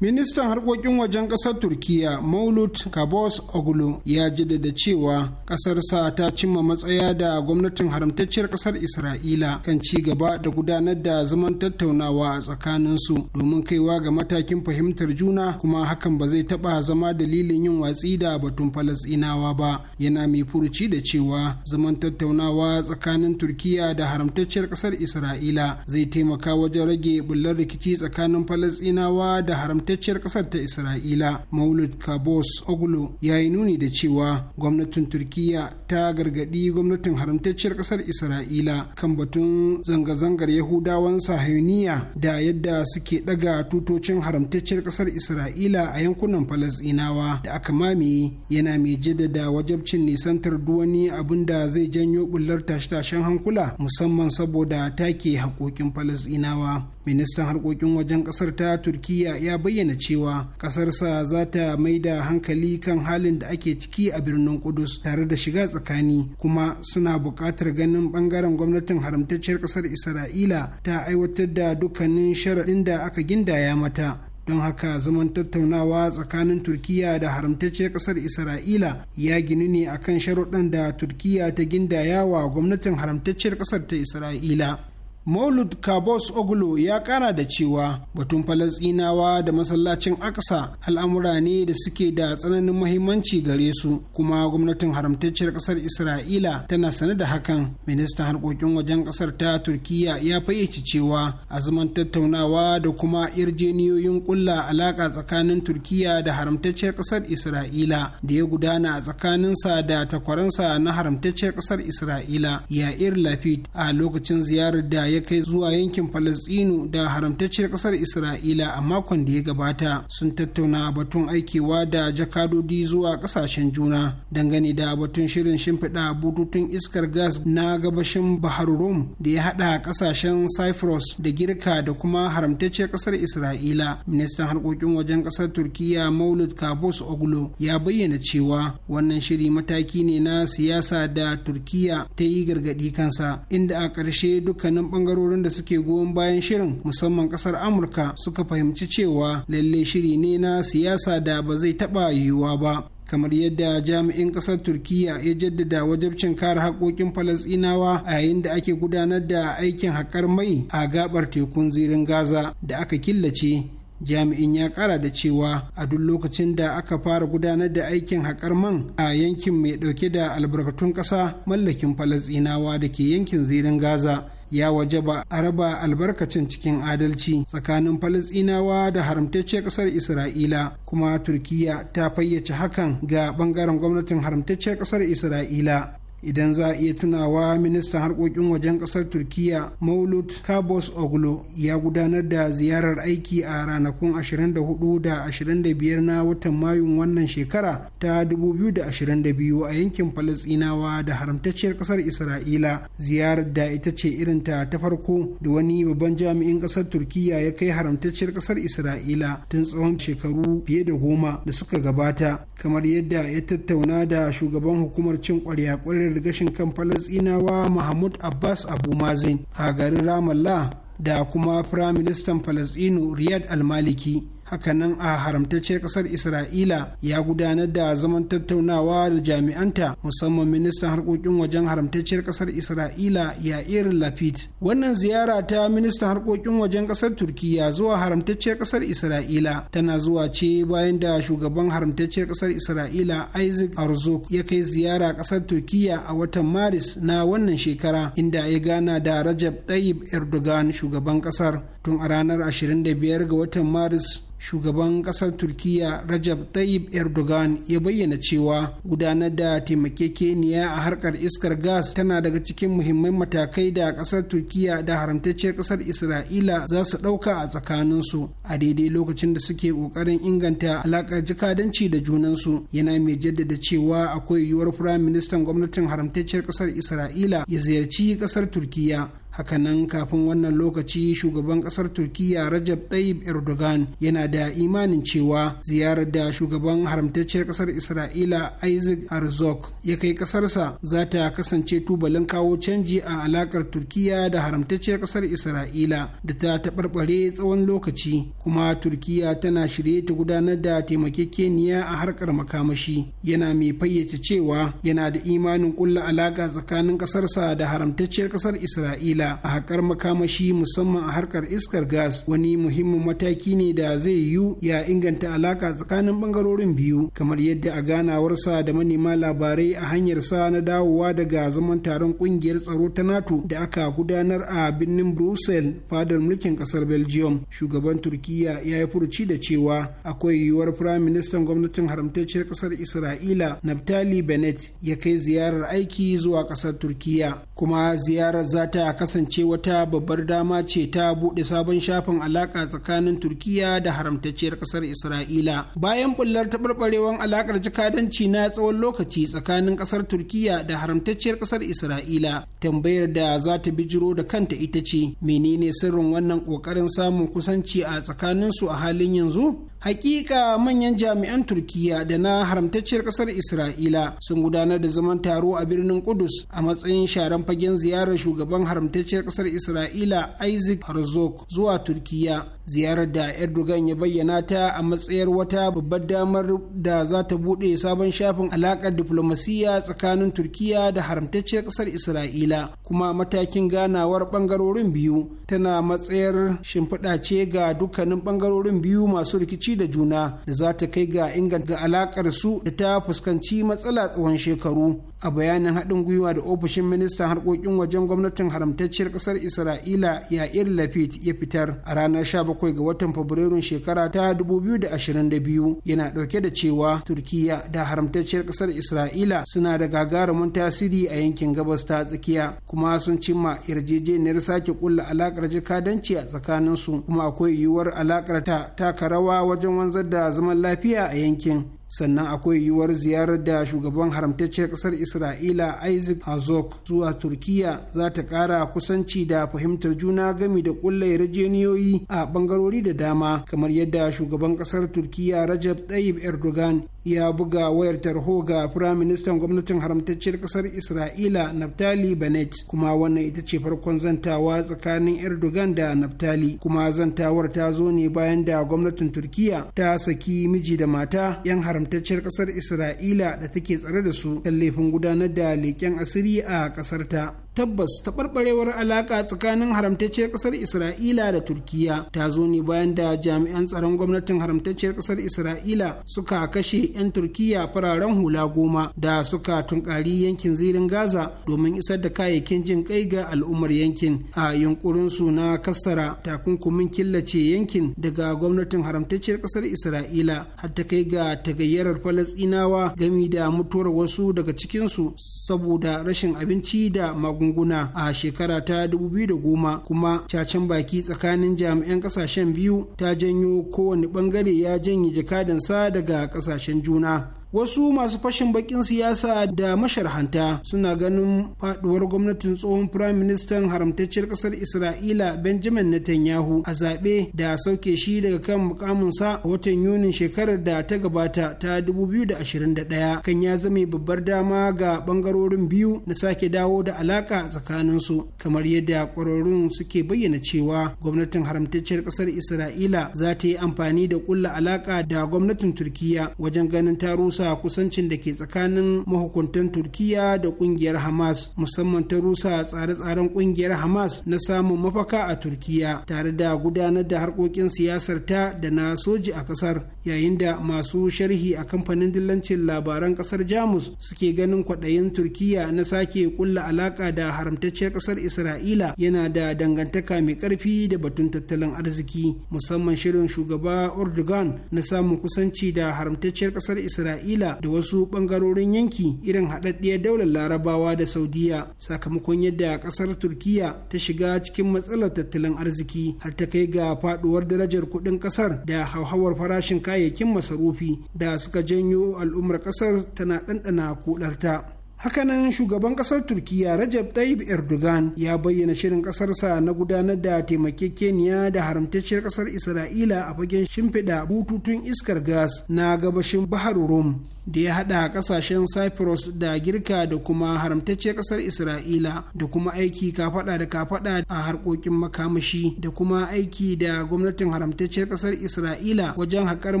ministan harkokin wajen kasar turkiya maulut kabos oglu ya jaddada cewa ƙasarsa ta cimma matsaya da gwamnatin haramtacciyar ƙasar isra'ila kan ci gaba da gudanar da zaman tattaunawa a tsakaninsu domin kaiwa ga matakin fahimtar juna kuma hakan ba zai taɓa zama dalilin yin watsi da batun falasɗinawa ba yana mai furuci da cewa zaman tattaunawa tsakanin turkiya da haramtacciyar ƙasar isra'ila zai taimaka wajen rage bullar rikici tsakanin falasɗinawa da haramtacciyar haramtacciyar ƙasar ta isra'ila maulud kabos oglo ya yi nuni da cewa gwamnatin turkiya ta gargaɗi gwamnatin haramtacciyar ƙasar isra'ila kan batun zanga-zangar yahudawan sahiniya da yadda suke ɗaga tutocin haramtacciyar ƙasar isra'ila a yankunan falasɗinawa da aka mamaye yana mai jaddada wajabcin nisantar duwani abin da zai janyo bullar tashe-tashen hankula musamman saboda take haƙoƙin falasɗinawa ministan harkokin wajen ƙasar ta turkiya ya bayyana bayyana cewa ƙasarsa za ta mai da hankali kan halin da ake ciki a birnin Kudus tare da shiga tsakani kuma suna buƙatar ganin ɓangaren gwamnatin haramtacciyar ƙasar Isra'ila ta aiwatar da dukkanin sharaɗin da aka gindaya mata don haka zaman tattaunawa tsakanin turkiya da haramtacciyar ƙasar isra'ila ya ginu ne akan sharuɗan da turkiya ta gindaya wa gwamnatin haramtacciyar ƙasar ta isra'ila maulud kabos ogulo ya kara da cewa batun falasɗinawa da masallacin aksa al'amura ne da suke da tsananin mahimmanci gare su kuma gwamnatin haramtacciyar ƙasar isra'ila tana sane da hakan ministan harkokin wajen ƙasar ta turkiyya ya fayyace cewa azuman tattaunawa da kuma yarjeniyoyin kulla alaƙa tsakanin turkiyya da haramtacciyar ƙasar isra'ila da ya gudana a tsakaninsa da takwaransa na haramtacciyar ƙasar isra'ila yair lafit a lokacin ziyarar da ya ya kai zuwa yankin falasɗinu da haramtacciyar kasar isra'ila a makon da ya gabata sun tattauna batun aikewa da jakadodi zuwa kasashen juna dangane da batun shirin shimfiɗa bututun iskar gas na gabashin bahar rum da ya haɗa ƙasashen cyprus da girka da kuma haramtacciyar kasar isra'ila ministan harkokin wajen ƙasar turkiya maulud kabus oglo ya bayyana cewa wannan shiri mataki ne na siyasa da turkiya ta yi gargaɗi kansa inda a ƙarshe dukkanin bangarorin da suke goyon bayan shirin musamman kasar amurka suka fahimci cewa lalle shiri ne na siyasa da ba zai taɓa yiwuwa ba kamar yadda jami'in ƙasar turkiya ya jaddada wajabcin kare haƙoƙin falasɗinawa a yayin da ake gudanar da aikin haƙar mai a gaɓar tekun zirin gaza da aka killace jami'in ya ƙara da cewa a duk lokacin da aka fara gudanar da aikin haƙar man a yankin mai ɗauke da albarkatun ƙasa mallakin falasɗinawa da ke yankin zirin gaza ya wajaba a raba albarkacin cikin adalci tsakanin falasɗinawa da haramtacciyar kasar isra'ila kuma turkiya ta fayyace hakan ga ɓangaren gwamnatin haramtacciyar kasar isra'ila idan za a iya tunawa ministan harkokin wajen kasar turkiya maulud kabos oglo ya gudanar da ziyarar aiki a ranakun 24 da 25 na watan mayun wannan shekara ta 2022 a yankin falasinawa da haramtacciyar kasar isra'ila ziyarar da ita ce irinta ta farko da wani babban jami'in kasar turkiya ya kai haramtacciyar kasar isra'ila tun tsawon shekaru fiye da goma da suka gabata kamar yadda ya tattauna da shugaban hukumar cin kwarya da gashin kan falasinawa mahmud abbas abu mazin a garin ramallah da kuma firaministan falasinu riyad almaliki hakanan a haramtacciyar kasar isra'ila ya gudanar da zaman tattaunawa da jami'anta musamman ministan harkokin wajen haramtacciyar kasar isra'ila ya irin lapid wannan ziyara ta ministan harkokin wajen kasar turkiya zuwa haramtacciyar kasar isra'ila tana zuwa ce bayan da shugaban haramtacciyar kasar isra'ila isaac arzok ya kai ziyara kasar turkiya a watan maris na wannan shekara inda ya gana da rajab tayyib erdogan shugaban kasar tun a ranar 25 ga watan maris shugaban kasar turkiya rajab tayyip erdogan ya bayyana cewa gudanar da taimakekeniya a harkar iskar gas tana daga cikin muhimman matakai da kasar turkiya da haramtacciyar kasar isra'ila za su ɗauka a tsakaninsu a daidai lokacin da suke ƙoƙarin inganta alaƙar jikadanci da junansu yana mai jaddada cewa akwai yiwuwar firaministan gwamnatin haramtacciyar kasar isra'ila ya ziyarci kasar turkiya hakanan kafin wannan lokaci shugaban kasar turkiya rajab tayyip erdogan yana da imanin cewa ziyarar da shugaban haramtacciyar kasar isra'ila isaac arzok ya kai kasarsa za ta kasance tubalin kawo canji a alakar turkiya da haramtacciyar kasar isra'ila da ta taɓarɓare tsawon lokaci kuma turkiya tana shirye ta gudanar da taimakekeniya a harkar makamashi yana mai fayyace cewa yana da imanin kulla alaka tsakanin kasarsa da haramtacciyar kasar isra'ila a hakar makamashi musamman a harkar iskar gas wani muhimmin mataki ne da zai yiwu ya inganta alaƙa tsakanin bangarorin biyu kamar yadda a ganawarsa da manema labarai a hanyar sa na dawowa daga zaman taron ƙungiyar tsaro ta nato da aka gudanar a birnin brussel fadar mulkin ƙasar belgium shugaban Turkiyya ya yi furuci da cewa akwai yiwuwar firayim ministan gwamnatin haramtacciyar ƙasar isra'ila naftali bennett ya kai ziyarar aiki zuwa ƙasar Turkiyya, kuma ziyarar za ta kasance kasance wata babbar dama ce ta buɗe sabon shafin alaƙa tsakanin turkiya da haramtacciyar ƙasar isra'ila bayan bullar taɓarɓarewar alaƙar jakadanci na tsawon lokaci tsakanin ƙasar turkiya da haramtacciyar ƙasar isra'ila tambayar da za ta bijiro da kanta ita ce menene sirrin wannan ƙoƙarin samun kusanci a tsakaninsu a halin yanzu hakika manyan jami'an turkiya da na haramtacciyar kasar isra'ila sun gudanar da zaman taro a birnin kudus a matsayin sharan fagen ziyarar shugaban haramtacciyar kasar isra'ila isaac herzog zuwa turkiya ziyarar da erdogan ya bayyana ta a matsayar wata babbar damar da za ta buɗe sabon shafin alaƙar diflomasiyya tsakanin turkiya da haramtacciyar kasar isra'ila kuma matakin ganawar bangarorin biyu tana matsayar shimfiɗa ce ga dukkanin bangarorin biyu masu rikici rikici da juna da za ta kai ga inganta alakar su da ta fuskanci matsala tsawon shekaru a bayanin haɗin gwiwa da ofishin ministan harkokin wajen gwamnatin haramtacciyar ƙasar isra'ila yair lafit ya fitar a ranar 17 ga watan fabrairun shekara ta 2022 yana ɗauke da cewa turkiya da haramtacciyar ƙasar isra'ila suna da gagarumin tasiri a yankin gabas ta tsakiya kuma sun cimma yarjejeniyar sake kulla alaƙar jikadanci a tsakaninsu kuma akwai yiwuwar alaƙar ta taka rawa wajen wanzar da zaman lafiya a yankin sannan akwai yiwuwar ziyarar da shugaban haramtacciyar ƙasar isra'ila isaac hazok zuwa turkiya za ta ƙara kusanci da fahimtar juna gami da ƙulla rajeniyoyi a ɓangarori da dama kamar yadda shugaban ƙasar turkiya rajab tayyip erdogan ya buga wayar tarho ga firaministan gwamnatin haramtacciyar kasar isra'ila naftali bennett kuma wannan ita ce farkon zantawa tsakanin erdogan da naftali kuma zantawar ta zo ne bayan da gwamnatin turkiya ta saki miji da mata yan haramtacciyar kasar isra'ila da take tsare da su kan laifin gudanar da leƙen asiri a ƙasarta tabbas taɓarɓarewar alaƙa tsakanin haramtacciyar ƙasar isra'ila da turkiya ta zo ne bayan da jami'an tsaron gwamnatin haramtacciyar ƙasar isra'ila suka kashe 'yan turkiya fararen hula goma da suka tunkari yankin zirin gaza domin isar da kayayyakin jin kai ga al'ummar yankin a yunkurin su na kassara takunkumin killace yankin daga gwamnatin haramtacciyar ƙasar isra'ila har ta kai ga tagayyarar falasɗinawa gami da mutuwar wasu daga cikinsu saboda rashin abinci da magu magunguna a shekara ta 2010 kuma cacen baki tsakanin jami'an kasashen biyu ta janyo kowane bangare ya janye jakadansa daga kasashen juna wasu masu fashin bakin siyasa da masharhanta suna ganin faduwar gwamnatin tsohon firayim ministan haramtacciyar kasar isra'ila benjamin netanyahu a zaɓe da sauke shi daga kan mukaminsa watan yunin shekarar da ta gabata ta 2021 kan ya zame babbar dama ga bangarorin biyu na sake dawo da alaka tsakaninsu kamar yadda kwararrun suke bayyana cewa gwamnatin haramtacciyar kasar isra'ila za ta yi amfani da kulla alaka da gwamnatin turkiyya wajen ganin ta rusa kusancin da ke tsakanin mahukuntan turkiya da kungiyar hamas musamman ta rusa tsare-tsaren kungiyar hamas na samun mafaka a turkiya tare da gudanar da harkokin siyasar ta da na soji a kasar yayin da masu sharhi a kamfanin dillancin labaran kasar jamus suke ganin kwaɗayin turkiya na sake kulla alaka da haramtacciyar kasar isra'ila yana da dangantaka mai ƙarfi da batun tattalin arziki musamman shirin shugaba erdogan na samun kusanci da haramtacciyar kasar isra'ila isra'ila da wasu bangarorin yanki irin haɗaɗɗiyar daular larabawa da saudiya sakamakon yadda ƙasar turkiya ta shiga cikin matsalar tattalin arziki har ta kai ga faɗuwar darajar kuɗin ƙasar da hauhawar farashin kayayyakin masarufi da suka janyo al'ummar ƙasar tana ɗanɗana kuɗarta. Hakanan shugaban kasar Turkiya Rajab Tayyip Erdogan ya bayyana shirin kasarsa na gudanar da taimakekeniya da haramtacciyar kasar Isra'ila a fagen shimfiɗa bututun iskar gas na gabashin Bahar Rum da ya haɗa ƙasashen Cyprus da Girka da kuma haramtacciyar kasar Isra'ila da kuma aiki kafaɗa da kafaɗa a harkokin makamashi da kuma aiki da gwamnatin haramtacciyar kasar Isra'ila wajen haƙar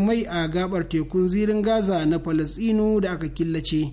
mai a gabar tekun zirin Gaza na Falasɗinu da aka killace.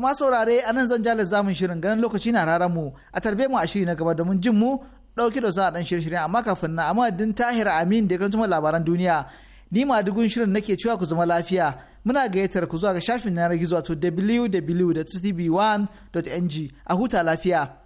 ma saurare a nan zan jalar zamun shirin ganin lokaci na rarar mu a tarbe mu a shiri na gaba domin jin mu dauki da za a ɗan shirye shirye amma kafin na amma din tahir amin da kan labaran duniya ni ma dugun shirin nake cewa ku zama lafiya muna gayyatar ku zuwa ga shafin yanar gizo wato www.tv1.ng a huta lafiya.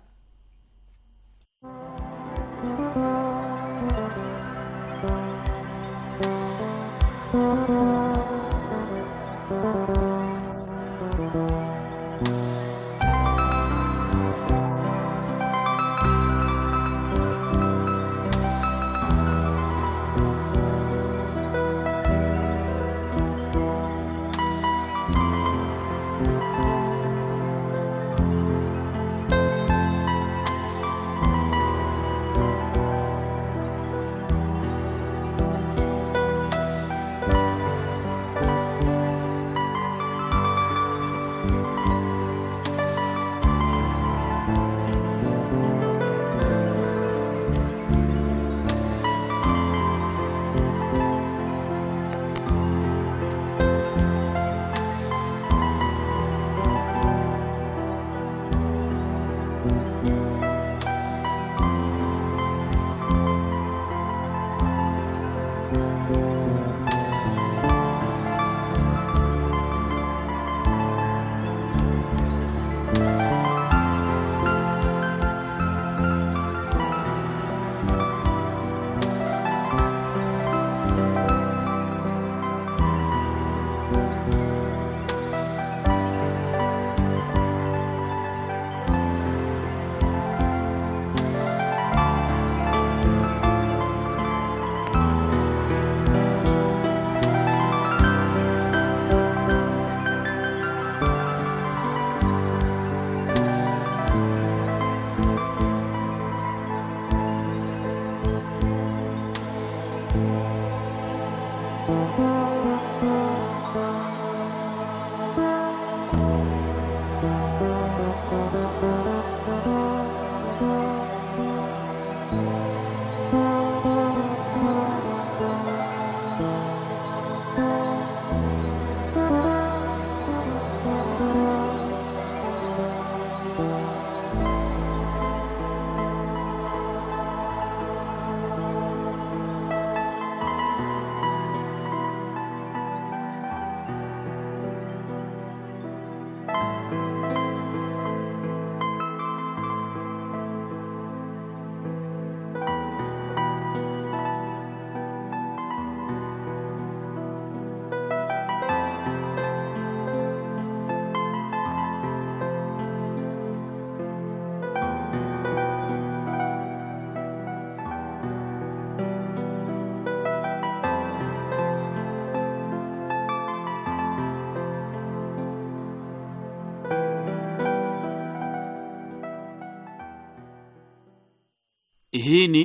Hii ni